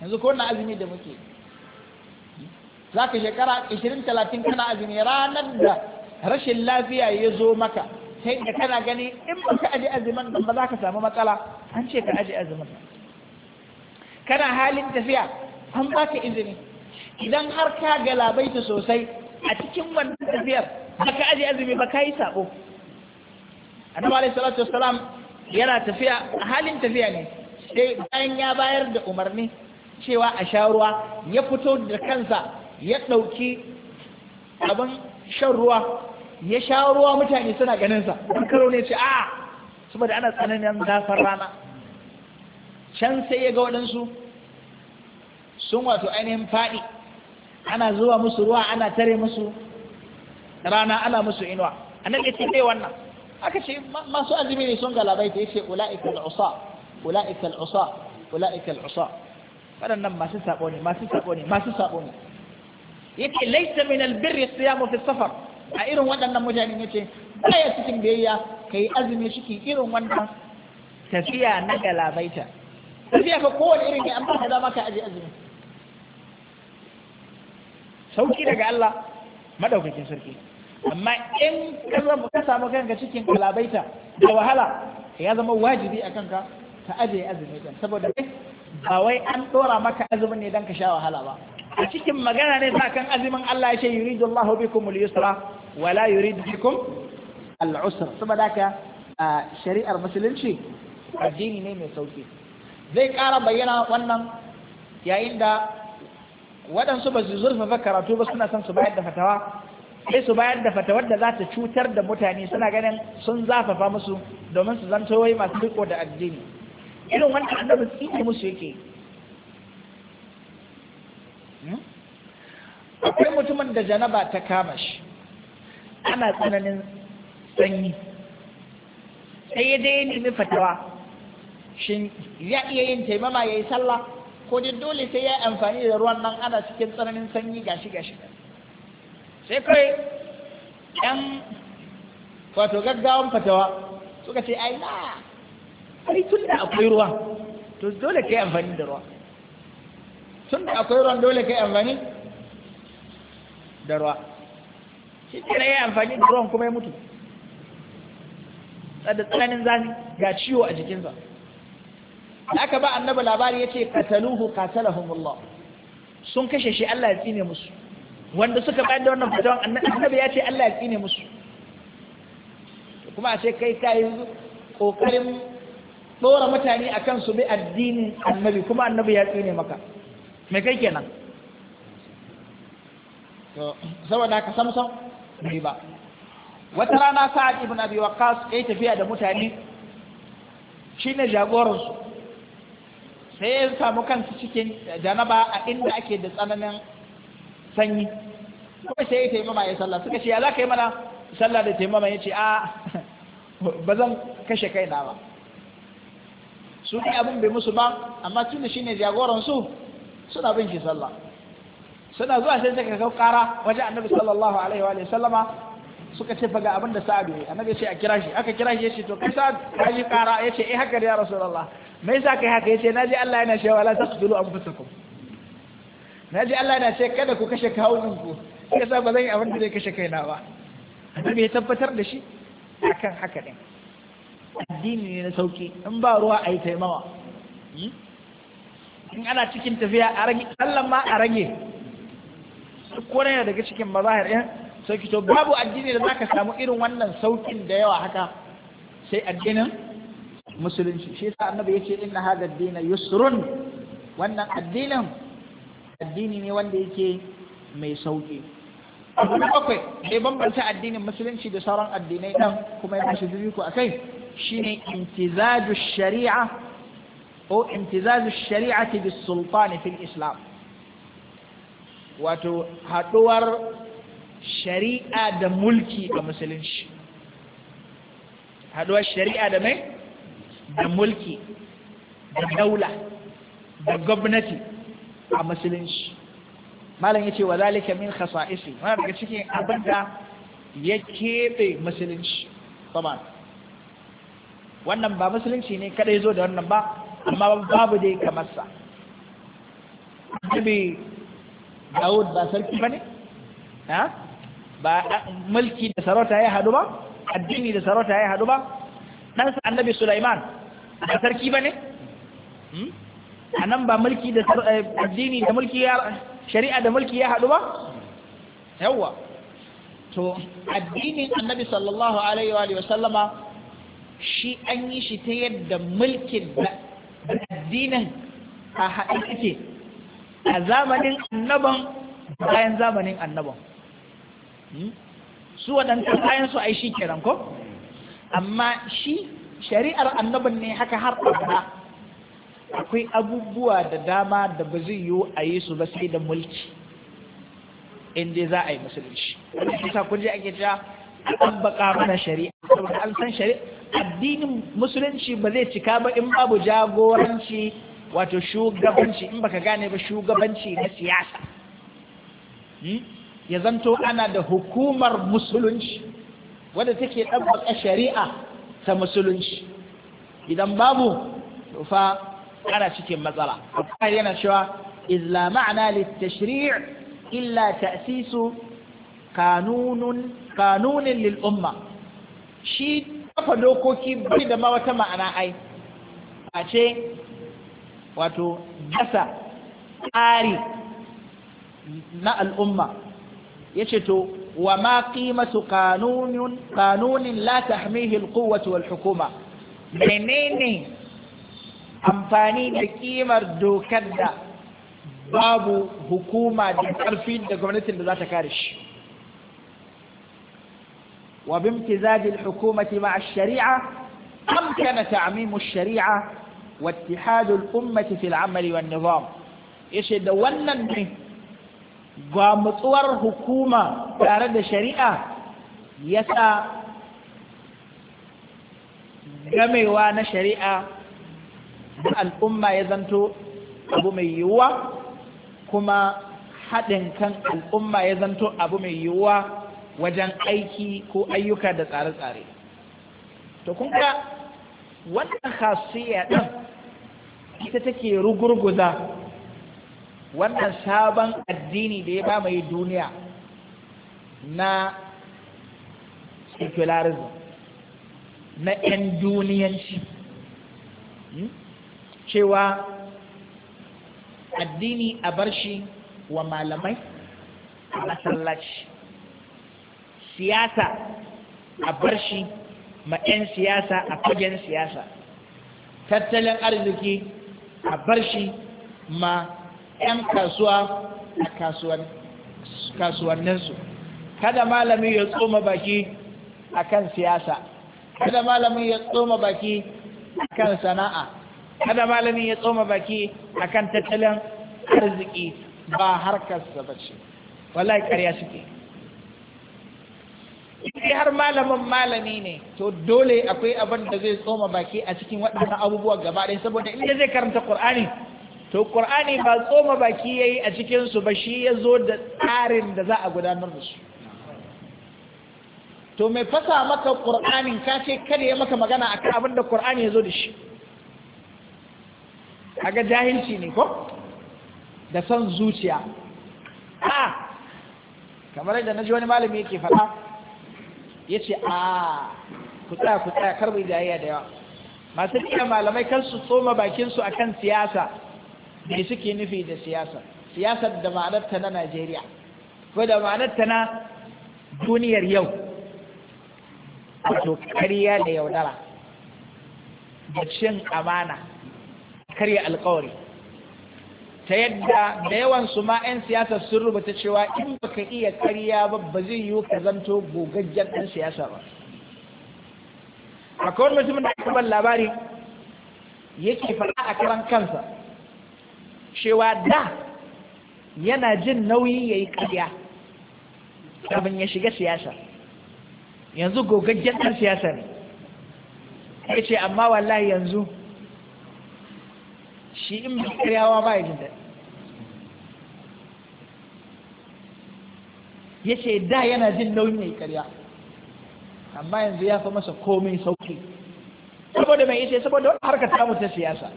yanzu ko na azumi da muke za ka shekara 20-30 kana azumi ranar da rashin lafiya ya zo maka sai da kana gani in ba ka aji azumin ba za ka samu matsala an ce ka aji azumin kana halin tafiya an baka izini idan har ka galabaita sosai a cikin wannan tafiyar baka aje azumi ba yi sabo annabi alayhi salatu wassalam yana tafiya halin tafiya ne sai bayan ya bayar da umarni cewa a sha ruwa ya fito da kansa ya ɗauki abin shan ruwa ya sha ruwa mutane suna ganin sa. an karo ne ce a saboda ana tsananin zafin rana can sai ya ga waɗansu sun wato ainihin faɗi ana zuwa musu ruwa ana tare musu rana ana musu inuwa annabi yace dai wannan aka ce masu azumi ne sun galabai da yace ulaika al-usa ulaika al-usa ulaika al-usa waɗannan masu sabo ne masu sabo ne masu sabo ne yace laysa min al-birri siyamu fi safar a irin waɗannan mutanen yace ya cikin biyayya kai azumi cikin irin wannan tafiya na galabaita tafiya fa kowane irin ne an baka dama ka aje azumi sauki daga Allah madaukakin sarki amma in ka zama ka samu kanka cikin kalabaita da wahala ya zama wajibi a kanka ta ajiye azumi ɗin saboda ba wai an ɗora maka azumin ne dan ka sha wahala ba a cikin magana ne sa kan azumin Allah ya ce yuridu Allah bikum al-yusra wa la bikum al-usra saboda ka shari'ar musulunci addini ne mai sauki zai ƙara bayyana wannan yayin da waɗansu ba su zurfafa karatu ba suna son su bayar da fatawa sai su bayar da fatawar da za ta cutar da mutane suna ganin sun zafafa musu domin su zanto wai masu riko da addini irin wannan annabi tsine musu yake hmm? akwai mutumin da janaba ta kama shi ana tsananin sanyi sai ya dai nemi fatawa shin ya iya yin taimama ya yi sallah ko dai dole sai ya amfani da ruwan nan ana cikin tsananin sanyi gashi gashi gashi sai kai yan wato gaggawan fatawa suka ce ai na ai tun da akwai ruwa to dole kai amfani da ruwa tun da akwai ruwan dole kai amfani da ruwa shi na ya amfani da ruwan kuma ya mutu da tsananin zafi ga ciwo a jikinsa da aka ba annaba labari ya ce kataluhu katalahumullah sun kashe shi Allah ya tsine musu wanda suka bayar da wannan fatawan annabi ya ce Allah ya tsine musu kuma a ce kai ka yi kokarin dora mutane akan su bi addinin annabi kuma annabi ya tsine maka me kai kenan saboda ka samsam bai ba wata rana sa'ad ibn abi waqqas ya tafiya da mutane shine jagoransu sai ya samu kansu cikin janaba a inda ake da tsananin sanyi kawai sai ya taimama ya sallah suka ce ya za ka yi mana sallah da taimama ya ce a ba zan kashe kai na ba su ne abin bai musu ba amma tunda shi ne jagoransu suna bin shi sallah suna zuwa sai suka kau kara waje annabi sallallahu alaihi wa sallama suka ce faga abin da sa'ad annabi annabi ce a kira shi aka kira shi ce to kai sa'ad ka ji kara ya ce eh haka da ya Allah me yasa kai haka ya ce na ji Allah yana cewa la taqtulu anfusakum na ji Allah na ce kada ku kashe kawunan ku ya sa ba zan yi abin da zai kashe kai na ba annabi ya tabbatar da shi akan haka ɗin addini ne na sauki in ba ruwa a yi taimawa hmm? in ana cikin tafiya a rage sallan ma a rage Ko wani yana daga cikin mazahir ɗin eh? sauki to babu addini da zaka samu irin wannan saukin da yawa haka sai addinin musulunci shi yasa annabi yace inna hadha ad-din yusrun wannan addinin addini ne wanda yake mai sauƙi abu na bakwai da bambanta addinin musulunci da sauran addinai ɗan kuma ya mashi biyu a kai shine imtizaju shari'a ko shari'a ta bi sultani fil islam wato haɗuwar shari'a da mulki a musulunci haɗuwar shari'a da mai da mulki da daula da gwamnati a musulunci malam yace wa zalika min khasa'isi wannan daga cikin abin da ya keɓe musulunci tamam wannan ba musulunci ne kada zo da wannan ba amma babu dai kamar sa annabi Dawud ba sarki bane ha ba mulki da sarauta ya hadu ba addini da sarauta ya hadu ba dan annabi Sulaiman ba sarki bane hmm? a nan ba mulki da eh, addini da mulki ya shari'a da mulki ya haɗu ba yawwa to addinin annabi sallallahu alaihi wa sallama shi an yi shi ta yadda mulkin da addinin a haɗe yake a zamanin annaban bayan zamanin annaban hmm? su waɗanda bayan su aishi shi ko amma shi shari'ar annaban ne haka har abada akwai abubuwa da dama da ba zai yiwu a yi su ba sai da mulki in dai za a yi musulunci wani kusa kun je ake cewa an baka mana shari'a saboda an san shari'a addinin musulunci ba zai cika ba in babu jagoranci wato shugabanci in baka gane ba shugabanci na siyasa hmm? ya zanto ana da hukumar musulunci wadda take ɗabbaka shari'a ta musulunci idan babu fa ana cikin matsala Abdullahi yana cewa izla ma'ana litashri' illa ta'sisu kanunun kanunin lil umma shi kafa dokoki bai da ma wata ma'ana ai a ce wato dasa tsari na al'umma yace to wa ma qimatu kanunin kanunin la tahmihi al wal hukuma menene amfani da kimar dokar da babu hukuma da ƙarfi da gwamnatin da za ta kare shi wa bimtizaji al-hukumati ma'a ash-shari'a amkana ta'mim ash-shari'a wa ittihad al-ummati fi al-'amal wa an-nizam yace da wannan ne ga mutsuwar hukuma tare da shari'a yasa gamewa na shari'a da al'umma ya zanto abu mai yiwuwa kuma haɗin kan al'umma ya zanto abu mai yiwuwa wajen aiki ko ayyuka da tsare-tsare to kun wannan khasiyya ɗin ita take rugurguza wannan sabon addini da ya ba mai duniya na secularism na 'yan duniyanci hmm? cewa addini a bar shi wa malamai a masallaci siyasa a bar shi ma 'yan siyasa a fagen siyasa tattalin arziki a bar shi ma 'yan kasuwa a kasuwanninsu kada malami ya tsoma baki a kan siyasa kada malami ya tsoma baki a kan sana'a kada malamin ya tsoma baki akan tattalin arziki ba harkarsa ba ce wallahi ƙarya suke sai har malamin malami ne to dole akwai abin da zai tsoma baki a cikin waɗannan abubuwa gaba ɗaya saboda inda zai karanta ƙur'ani to ƙur'ani ba tsoma baki ya yi a cikinsu ba shi ya zo da tsarin da za a gudanar da su to mai fasa maka ƙur'anin ka ce kada ya maka magana akan abin da ƙur'ani ya zo da shi kaga jahilci ne ko da son zuciya a kamar yadda na ji wani malami yake faɗa ya ce a ku tsaya ku tsaya karbu da yawa masu iya malamai kan su tsoma bakinsu a kan siyasa me suke nufi da siyasa siyasar da ma'anarta na najeriya ko da ma'anarta na duniyar yau a kariya da yaudara da cin amana karya alkawari ta yadda da yawan su ma 'yan siyasar sun rubuta cewa in baka iya karya ba ba zai yiwu ka zanto gogaggen ɗan siyasa ba akwai wani mutumin da aka ban labari yake faɗa a karan kansa cewa da yana jin nauyi ya yi karya kafin ya shiga siyasa yanzu gogaggen ɗan siyasa ne ya ce amma wallahi yanzu shi in ba karyawa ba ya jin daɗi ya ce da yana jin nauyin ya yi karya amma yanzu ya fi masa komai sauki saboda mai ishe saboda wani harkar ta mutu siyasa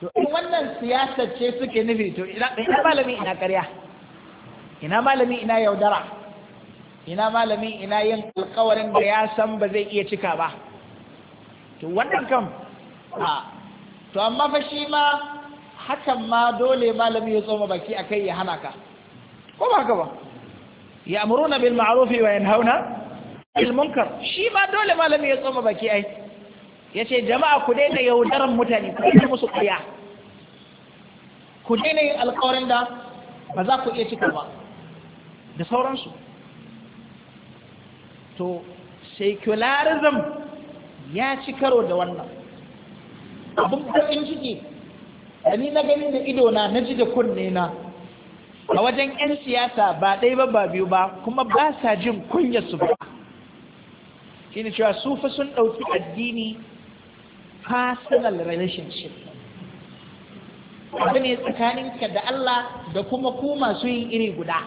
to in wannan siyasar ce suke nufi to ina malami ina karya ina malami ina yaudara ina malami ina yin alkawarin da ya san ba zai iya cika ba to wannan kam a to amma fa shi ma hakan ma dole malami ya tsoma baki a kai ya hana ka ko ba haka ba ya amuruna bil ma'ruf wa yanhauna bil Ilmunkar. shi ma dole malami ya tsoma baki ai ce jama'a ku daina yaudaran mutane ku daina musu ƙarya ku daina yin alƙawarin da ba za ku iya cika ba da sauransu to secularism ya ci karo da wannan abin baƙin ciki da ni na gani da ido na na ji da kunne na a wajen 'yan siyasa ba ɗaya ba ba biyu ba kuma ba sa jin kunya su ba shine cewa su fa sun ɗauki addini personal relationship abu ne tsakaninka da Allah da kuma ku masu yin iri guda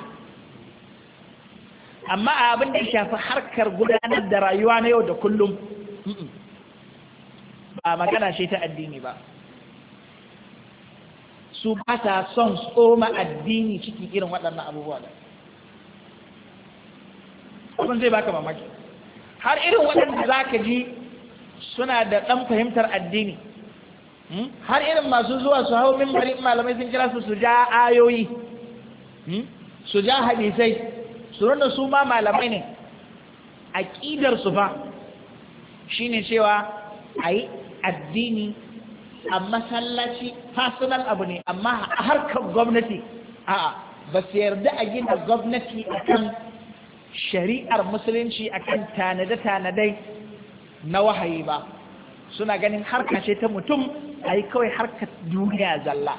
amma abin da shafi harkar gudanar da rayuwa na yau da kullum ba magana shi ta addini ba su ba ta son tsoma addini cikin irin waɗannan abubuwa da abin zai baka mamaki har irin waɗanda za ka ji suna da ɗan fahimtar addini hmm? har irin masu zuwa su hau bari malamai sun kira su su ja ayoyi hmm? su ja hadisai su rinda su ma malamai ne a ƙidar su fa shine cewa a yi addini a masallaci personal abu ne amma a harkar gwamnati a ba su yarda a gina gwamnati akan shari'ar musulunci akan tanade-tanadai na wahayi ba suna ganin harka ce ta mutum a yi kawai harkar duniya zalla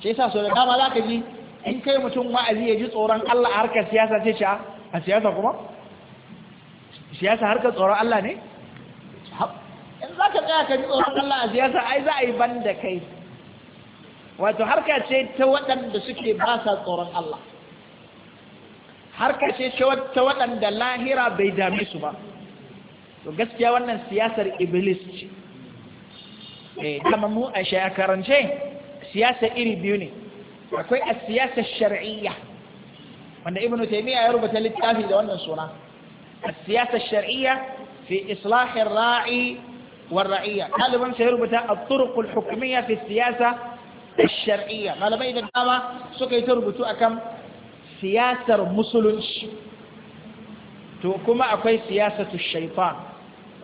ce sa so da dama za ka ji in kai mutum wa'azi ya ji tsoron Allah a harkar siyasa ce ce a siyasa kuma siyasa harkar tsoron Allah ne in za ka tsaya ka ji tsoron Allah a siyasa ai za a yi ban da kai wato harka ce ta waɗanda suke ba sa tsoron Allah harka ce ta waɗanda lahira bai dame su ba to gaskiya wannan siyasar iblis ce eh kama mu a karance siyasa iri biyu ne akwai a siyasa shar'iyya wanda ibn taymiya ya rubuta littafi da wannan suna a siyasa shar'iyya fi islahin ra'i والرعية غالبا سيربطها الطرق الحكمية في السياسة الشرعية غالبا إذا داما سكي تربطوا أكم سياسة مسلنش كما أكوي سياسة الشيطان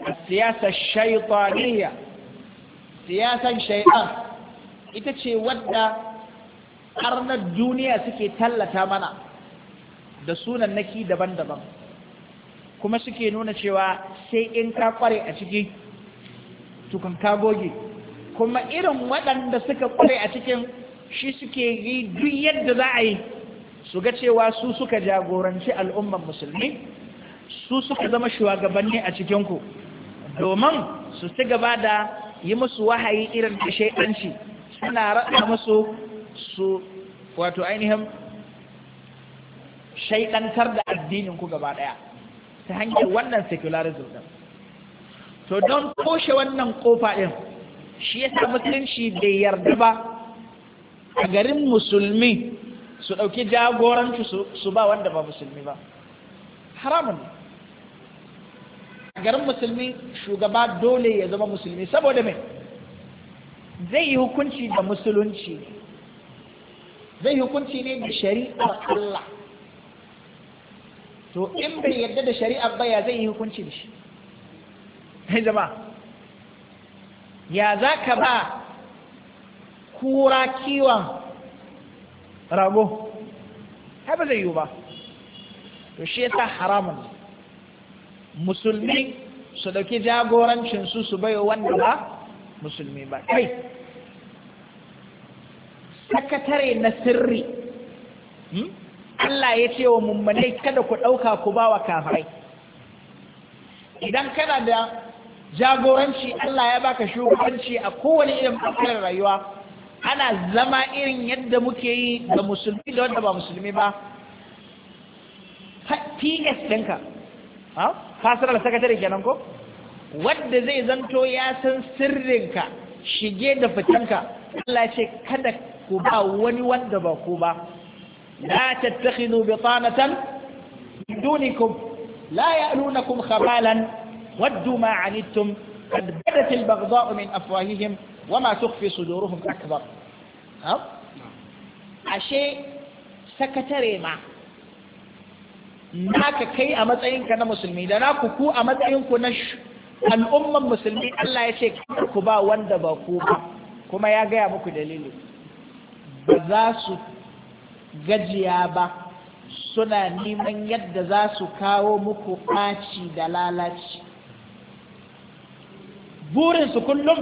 السياسة الشيطانية سياسة شيئان ita ce wadda arnar duniya suke tallata mana da sunan naki daban-daban kuma suke nuna cewa sai in ka kware a ciki tukun ka goge kuma irin waɗanda suka ƙware a cikin shi suke yi duk yadda za a yi su ga cewa su suka jagoranci al'ummar musulmi su suka zama shugabanni a cikinku domin su ci gaba da yi musu wahayi irin da shaidanci suna raɗa musu su wato ainihin shaidantar da addininku gaba ɗaya ta hanyar wannan secularism to don toshe wannan kofa ɗin shi yasa musulunci bai yarda ba a garin musulmi su ɗauki jagoranci su ba wanda ba musulmi ba haramun a garin musulmi shugaba dole ya zama musulmi saboda mai zai yi hukunci da musulunci zai hukunci ne da shari'ar Allah to in bai yarda da shari'ar baya zai yi hukunci da shi sai jama'a ya za ka ba kura kiwon rago haɓe zai yiwu ba to shi ta haramun musulmi su ɗauki jagorancinsu su bai wanda ba musulmi ba kai sakatare na sirri hmm? Allah ya ce wa mummanai kada ku ɗauka ku ba wa kafirai idan kana da jagoranci Allah ya baka shugabanci a kowane irin bangaren rayuwa ana zama irin yadda muke yi da musulmi da wanda ba musulmi ba ps ɗinka fasirar sakatare kenan ko wadda zai zanto ya san sirrinka shige da fitanka Allah ce kada ku ba wani wanda ba ku ba la tattakhidhu bitanatan dunikum la ya'lunakum khabalan waddu ma anittum qad badat al-baghdha'u min afwahihim wama tukhfi sudurhum akbar ashe sakatare ma naka kai a matsayinka na musulmi da naku ku a matsayinku na al'umman musulmi Allah ya ce ku ba wanda ba ku ba kuma ya gaya muku dalili ba za su gajiya ba suna neman yadda za su kawo muku ɓaci da lalaci burinsu kullum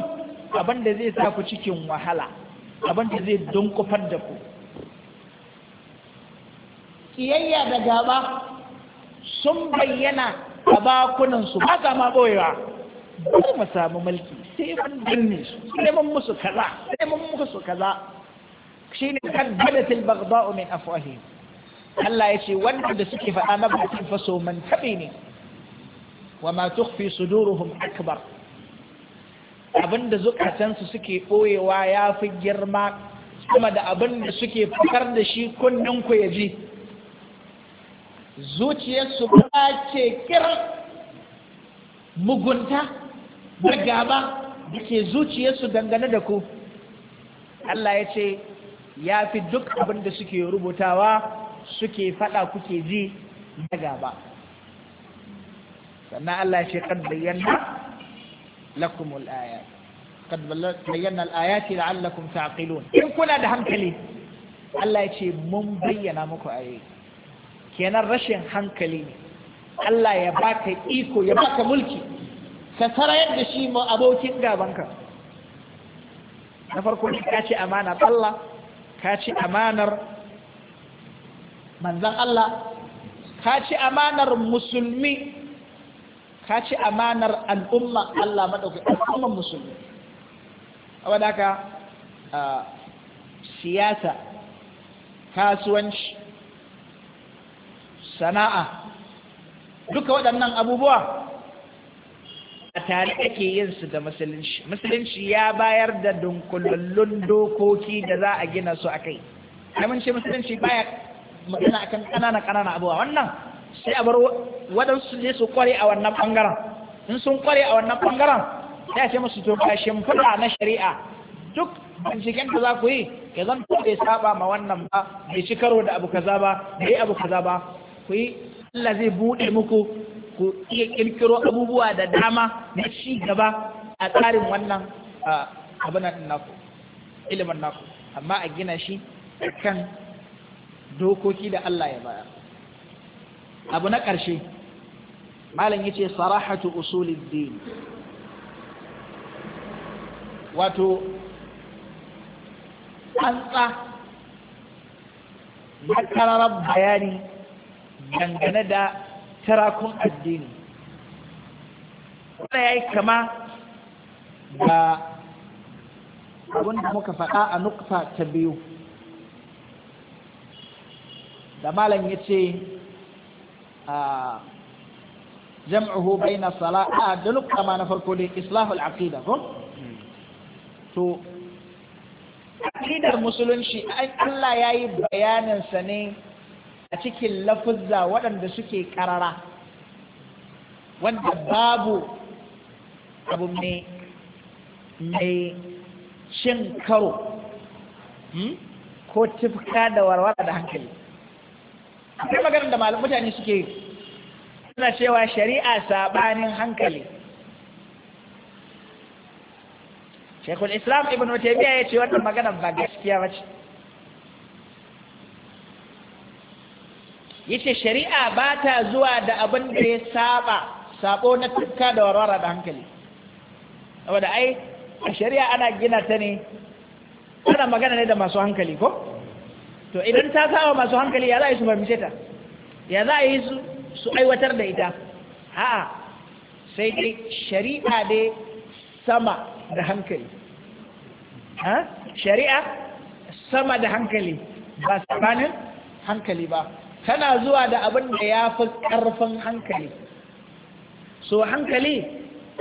abin da zai sa ku cikin wahala abin da zai dunkufar da ku ƙiyayya da gaba sun bayyana a bakunansu ba sa ɓoyewa ba mu samu mulki sai mun danne su sai mun musu kaza sai mun musu kaza shine kan badatil baghda'u min afwahihim Allah ya ce wanda suke faɗa na bakin faso man taɓe ne wa ma tukhfi suduruhum akbar da zukatansu suke ɓoyewa ya fi girma kuma da abinda suke fitar da shi ku ya ji zuciyarsu ba ce kiran mugunta da gaba da ke zuciyarsu dangane da ku Allah ya ce ya fi duk abinda suke rubutawa suke fada kuke ji na gaba sannan Allah ya ce kan bayyana lakum al-ayat qad bayyana al-ayati in kuna da hankali Allah ya ce mun bayyana muku ayoyi kenan rashin hankali ne Allah ya baka iko ya baka mulki ka sarayar da shi ma abokin gabanka na farko ka amanar Allah ka ce amanar manzan Allah ka ce amanar musulmi ka ci amanar al'umma Allah maɗauki al'umman musulmi wadda haka siyasa kasuwanci sana'a duka waɗannan abubuwa a tare ake yin su da musulunci musulunci ya bayar da dunkulullun dokoki da za a gina su a kai ce musulunci baya magana akan ƙanana ƙanana abubuwa wannan sai a bar waɗansu ne su kware a wannan ɓangaren in sun kware a wannan ɓangaren ya ce musu to ka shimfiɗa na shari'a duk binciken da za ku yi ya zan to bai saba ma wannan ba bai ci karo da abu kaza ba bai abu kaza ba ku yi Allah zai buɗe muku ku iya kirkiro abubuwa da dama na ci gaba a tsarin wannan abin naku ilimin naku amma a gina shi kan dokoki da Allah ya bayar abu na ƙarshe malam yace sarahatu usuluddin wato tsantsa makararar bayani dangane da tarakun addini wanda ya yi kama da abinda muka faɗa a nukta ta biyu da malam ya ce a ah, jam'uhu bayna salat a ah, da lukka ma na farko dai islahul aqida ko to aqidar musulunci Allah yayi bayanin sa ne a cikin lafuzza waɗanda suke karara wanda babu abu mai mai shin karo hmm, ko tifka da warwara da hankali akwai maganar da mutane suke suna cewa shari'a sabanin hankali shekul islam ibn taymiya ya ce wannan magana ba gaskiya ba ce yace shari'a ba ta zuwa da abin da ya saba sabo na tukka da warwara da hankali saboda ai a shari'a ana gina ta ne ana magana ne da masu hankali ko to idan ta saba masu hankali ya za a yi su ya za a yi su su aiwatar da ita a'a sai dai shari'a dai sama da hankali ha shari'a sama da hankali ba sabanin hankali ba tana zuwa da abin da ya fi ƙarfin hankali so hankali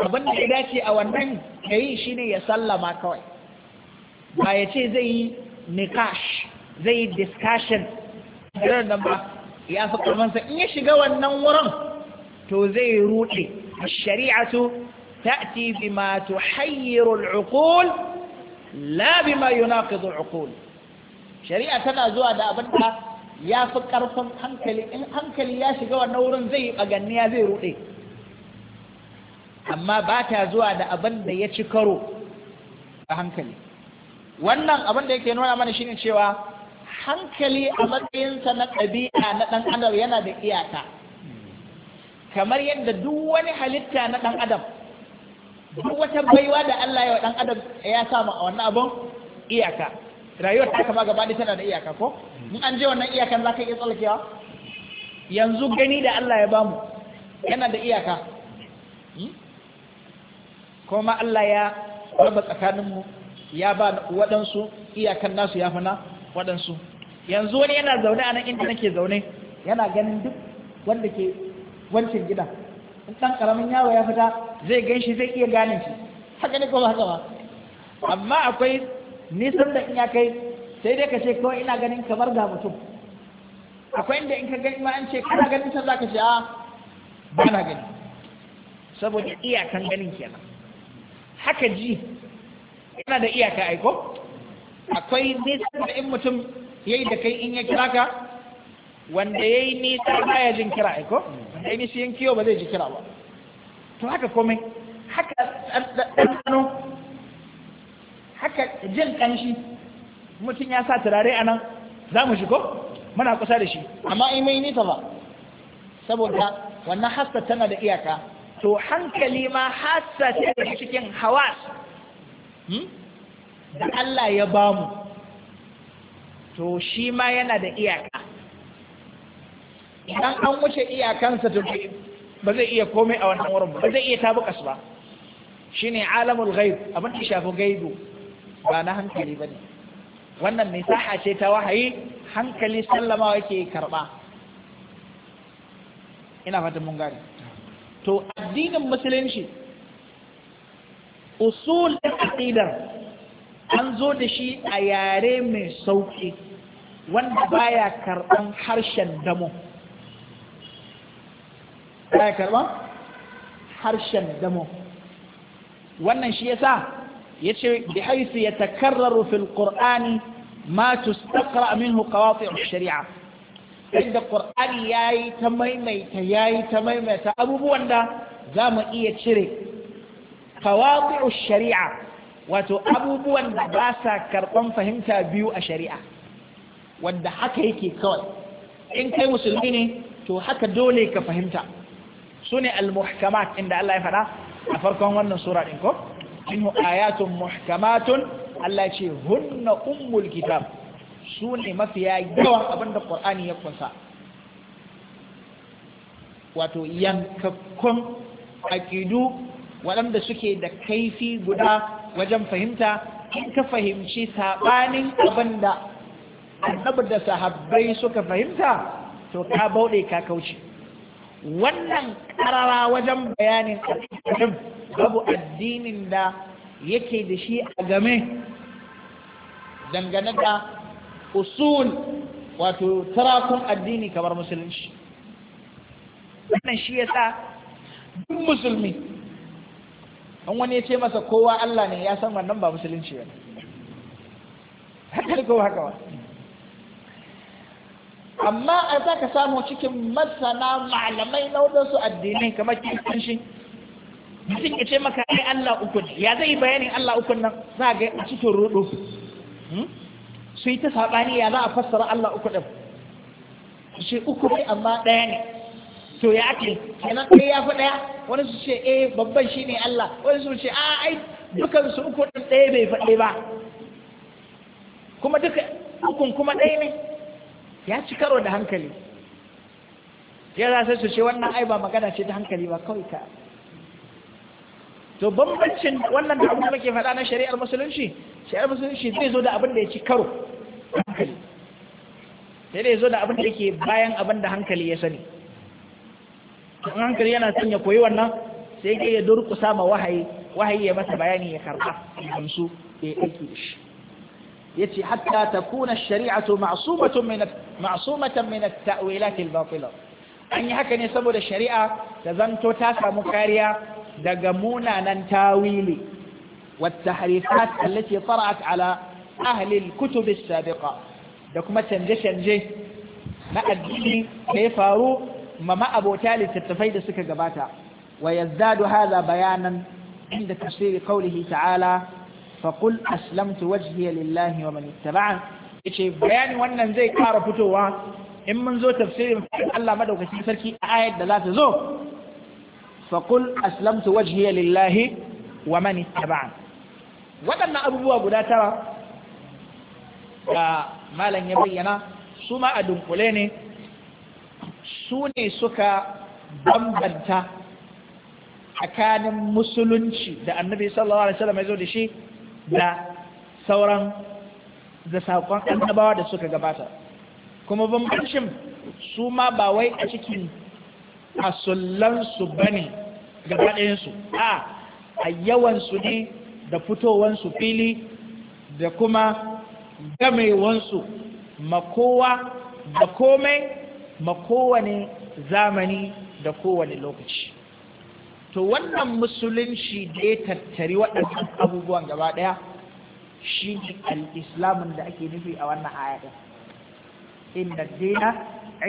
abin da ya dace a wannan yayi shine shi ne ya sallama kawai ba ya ce zai yi nikash zai yi discussion ya fi ƙarfansa in ya shiga wannan wurin to zai ruɗe shari'atu ta'ti bima tuhayyiru al-uqul la bima yunaqidu al-uqul shari'a tana zuwa da abin da ya fi ƙarfin hankali in hankali ya shiga wannan wurin zai yi ɓaganniya zai ruɗe amma ba ta zuwa da abin da ya ci karo a hankali wannan abin da yake nuna mana shine cewa hankali a matsayinsa na ɗabi'a na ɗan adam yana da iyaka kamar yadda duk wani halitta na ɗan adam duk wata baiwa da Allah ya wa ɗan adam ya samu a wannan abun iyaka rayuwar ta kama gaba tana da iyaka ko in an je wannan iyakan za ka iya tsalkewa yanzu gani da Allah ya bamu yana da iyaka hmm? kuma Allah ya raba tsakaninmu ya ba waɗansu iyakan nasu ya fi na waɗansu yanzu wani yana zaune a nan inda nake zaune yana ganin duk wanda ke wancan gida in ɗan ƙaramin yawo ya fita zai gan shi zai iya gane shi haka ne ko ba haka ba amma akwai nisan da in ya kai sai dai ka ce kawai ina ganin kamar ga mutum akwai inda in ka gani ma an ce kana ganin can zaka ce a ah, bana gani saboda iyakan ganin kenan haka ji yana da iyaka aiko akwai nisa da in mutum yayi da kai in ya kira ka wanda yayi nisa ba ya jin kira aiko wanda yayi nisa yin kiyo ba zai ji kira ba to haka komai haka ɗanɗano haka jin ƙanshi mutum ya sa turare a nan za mu shigo muna kusa da shi amma in mai nisa ba saboda wannan hassa tana da iyaka to hankali ma hassa ce cikin hawas hmm? da Allah ya bamu to shi ma yana da iyaka idan an wuce iyakansa to ba zai iya komai a wannan wurin ba Ba zai iya tabukas ba ne alamul ghaib abin da shafi gaibu ba na hankali ba ne wannan mai saha ce ta wahayi hankali sallama yake karba ina fatan mun gane to addinin musulunci usul da aqidar an zo da shi a yare mai sauƙi wanda baya karɓan harshen damo baya karɓan harshen damo wannan shi yasa yace bi haythu yatakarraru fil qur'ani ma tustaqra minhu qawati' sharia inda qur'ani yayi ta maimaita yayi ta maimaita abubuwan da zamu iya cire qawati' sharia wato abubuwan da ba sa karɓan fahimta biyu a shari'a wanda haka yake kawai in kai musulmi ne to haka dole ka fahimta su ne al-muhkamat inda Allah ya faɗa a farkon wannan sura ɗin ko inhu ayatun muhkamatun Allah ce hunna ummul kitab su ne mafiya yawan abin da Qur'ani ya kunsa wato yankakkun aƙidu waɗanda suke da kaifi guda wajen fahimta in ka fahimci saɓanin abin da annabi da sahabbai suka fahimta to ka bauɗe ka kauce wannan ƙarara wajen bayanin addinin babu addinin da yake da shi a game dangane da usul wato tarakun addini kamar musulunci wannan shi yasa duk musulmi an wani ya ce masa kowa Allah ne ya san wannan ba musulunci ba haka ko haka ba amma a za ka samu cikin masana malamai na wadansu addinai kamar shi mutum ya ce maka ai Allah uku ne ya zai bayanin Allah uku nan za ga a cikin rudu hmm? su yi ta saɓani ya za a fassara Allah uku ɗin shi uku ne amma ɗaya ne so ya ake kenan ɗaya ya fi ɗaya wani su ce eh babban shi ne Allah wani su ce a ah, ai dukan su uku ɗin ɗaya bai faɗe ba kuma duka ukun kuma ɗaya ne ya ci karo da hankali ya za sai su ce wannan ai ba magana ce ta hankali ba kawai ka to bambancin wannan da abin da muke faɗa na shari'ar musulunci shari'ar musulunci zai zo da abin da ya ci karo hankali sai dai zo da abin da yake bayan abin da hankali ya sani in hankali yana son ya koyi wannan sai ke ya durkusa ma wahayi wahayi ya masa bayani ya karɓa ya gamsu ya aiki da shi yace hatta takuna ash-shari'atu ma'sumatun min tawilat al-batila an yi haka ne saboda shari'a ta zanto ta samu kariya daga munanan tawili wa tahrifat allati tara'at ala ahli al-kutub as-sabiqa da kuma canje-canje na addini da ya faru ma abota littattafai da suka gabata wa yazdadu hadha bayanan inda tafsiri qawlihi ta'ala fa qul aslamtu wajhiya lillahi wa man ittaba'a yace bayani wannan zai kara fitowa in mun zo tafsirin Allah madaukakin sarki a ayat da za ta zo fa qul aslamtu wajhiya lillahi wa man ittaba'a waɗannan abubuwa guda tara da malam ya bayyana su ma a dunkule ne su ne suka bambanta tsakanin musulunci da annabi sallallahu alaihi wasallam ya zo da shi da sauran da saƙon annabawa da suka gabata kuma bambancin su ma ba wai a cikin asullansu ba ne gabaɗayensu a a yawansu ne da fitowansu fili da kuma gamewansu makowa da komai ma kowane zamani da kowane lokaci to wannan musulunci da ya tattari waɗannan abubuwan gaba ɗaya shi ne al'islamun da ake nufi a wannan ayatun inda dina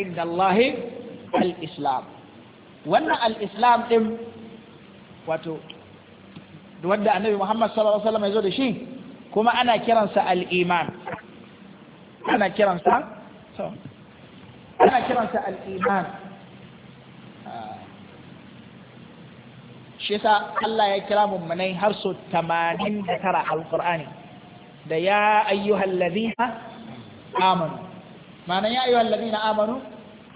inda Allahi al'islam wannan al'islam ɗin wato wadda annabi Muhammad sallallahu Alaihi wasallam ya zo da shi kuma ana kiransa al'iman ana kiransa ana kiransa al'iman shi yasa Allah ya kira mummunai har su tamanin da tara alƙur'ani da ya ayyuhal na amanu ma'ana ya ayyuhal na amanu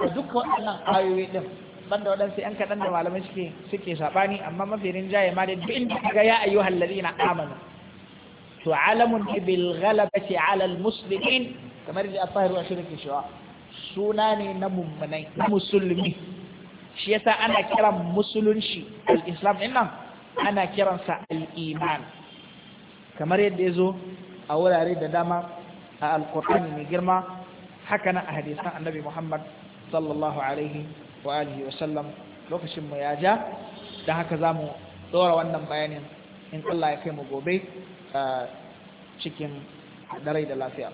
da duk waɗannan ayoyi ɗin banda waɗansu ‘yan kaɗan da malamai suke suke saɓani amma mafi rinjaye ma da duk inda ga ya ayyuhal na amanu to alamun bil ghalabati ala al muslimin kamar da afahiru da ke shawa suna ne na mummunai musulmi shi yasa ana kiran musulunci al-islam nan ana kiransa al-iman kamar yadda ya zo a wurare da dama a al alkur'ani mai girma haka na annabi muhammad sallallahu alaihi wa alihi wa sallam lokacin mu ya ja da haka zamu mu wannan bayanin in Allah ya kai mu gobe cikin darai da lafiya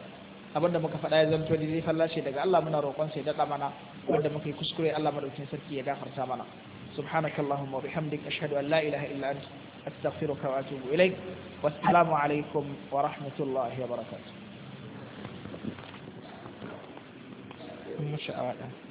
abinda muka faɗa ya zanto daidai fallace daga ala muna roƙon sai daɗa mana wanda muka yi kuskure Allah madaukin sarki ya gafarta mana subhanakallahumma wa bihamdik ashhadu an la ilaha illa anta astaghfiruka wa atubu ilaik wassalamu alaikum wa rahmatullahi wa barakatuh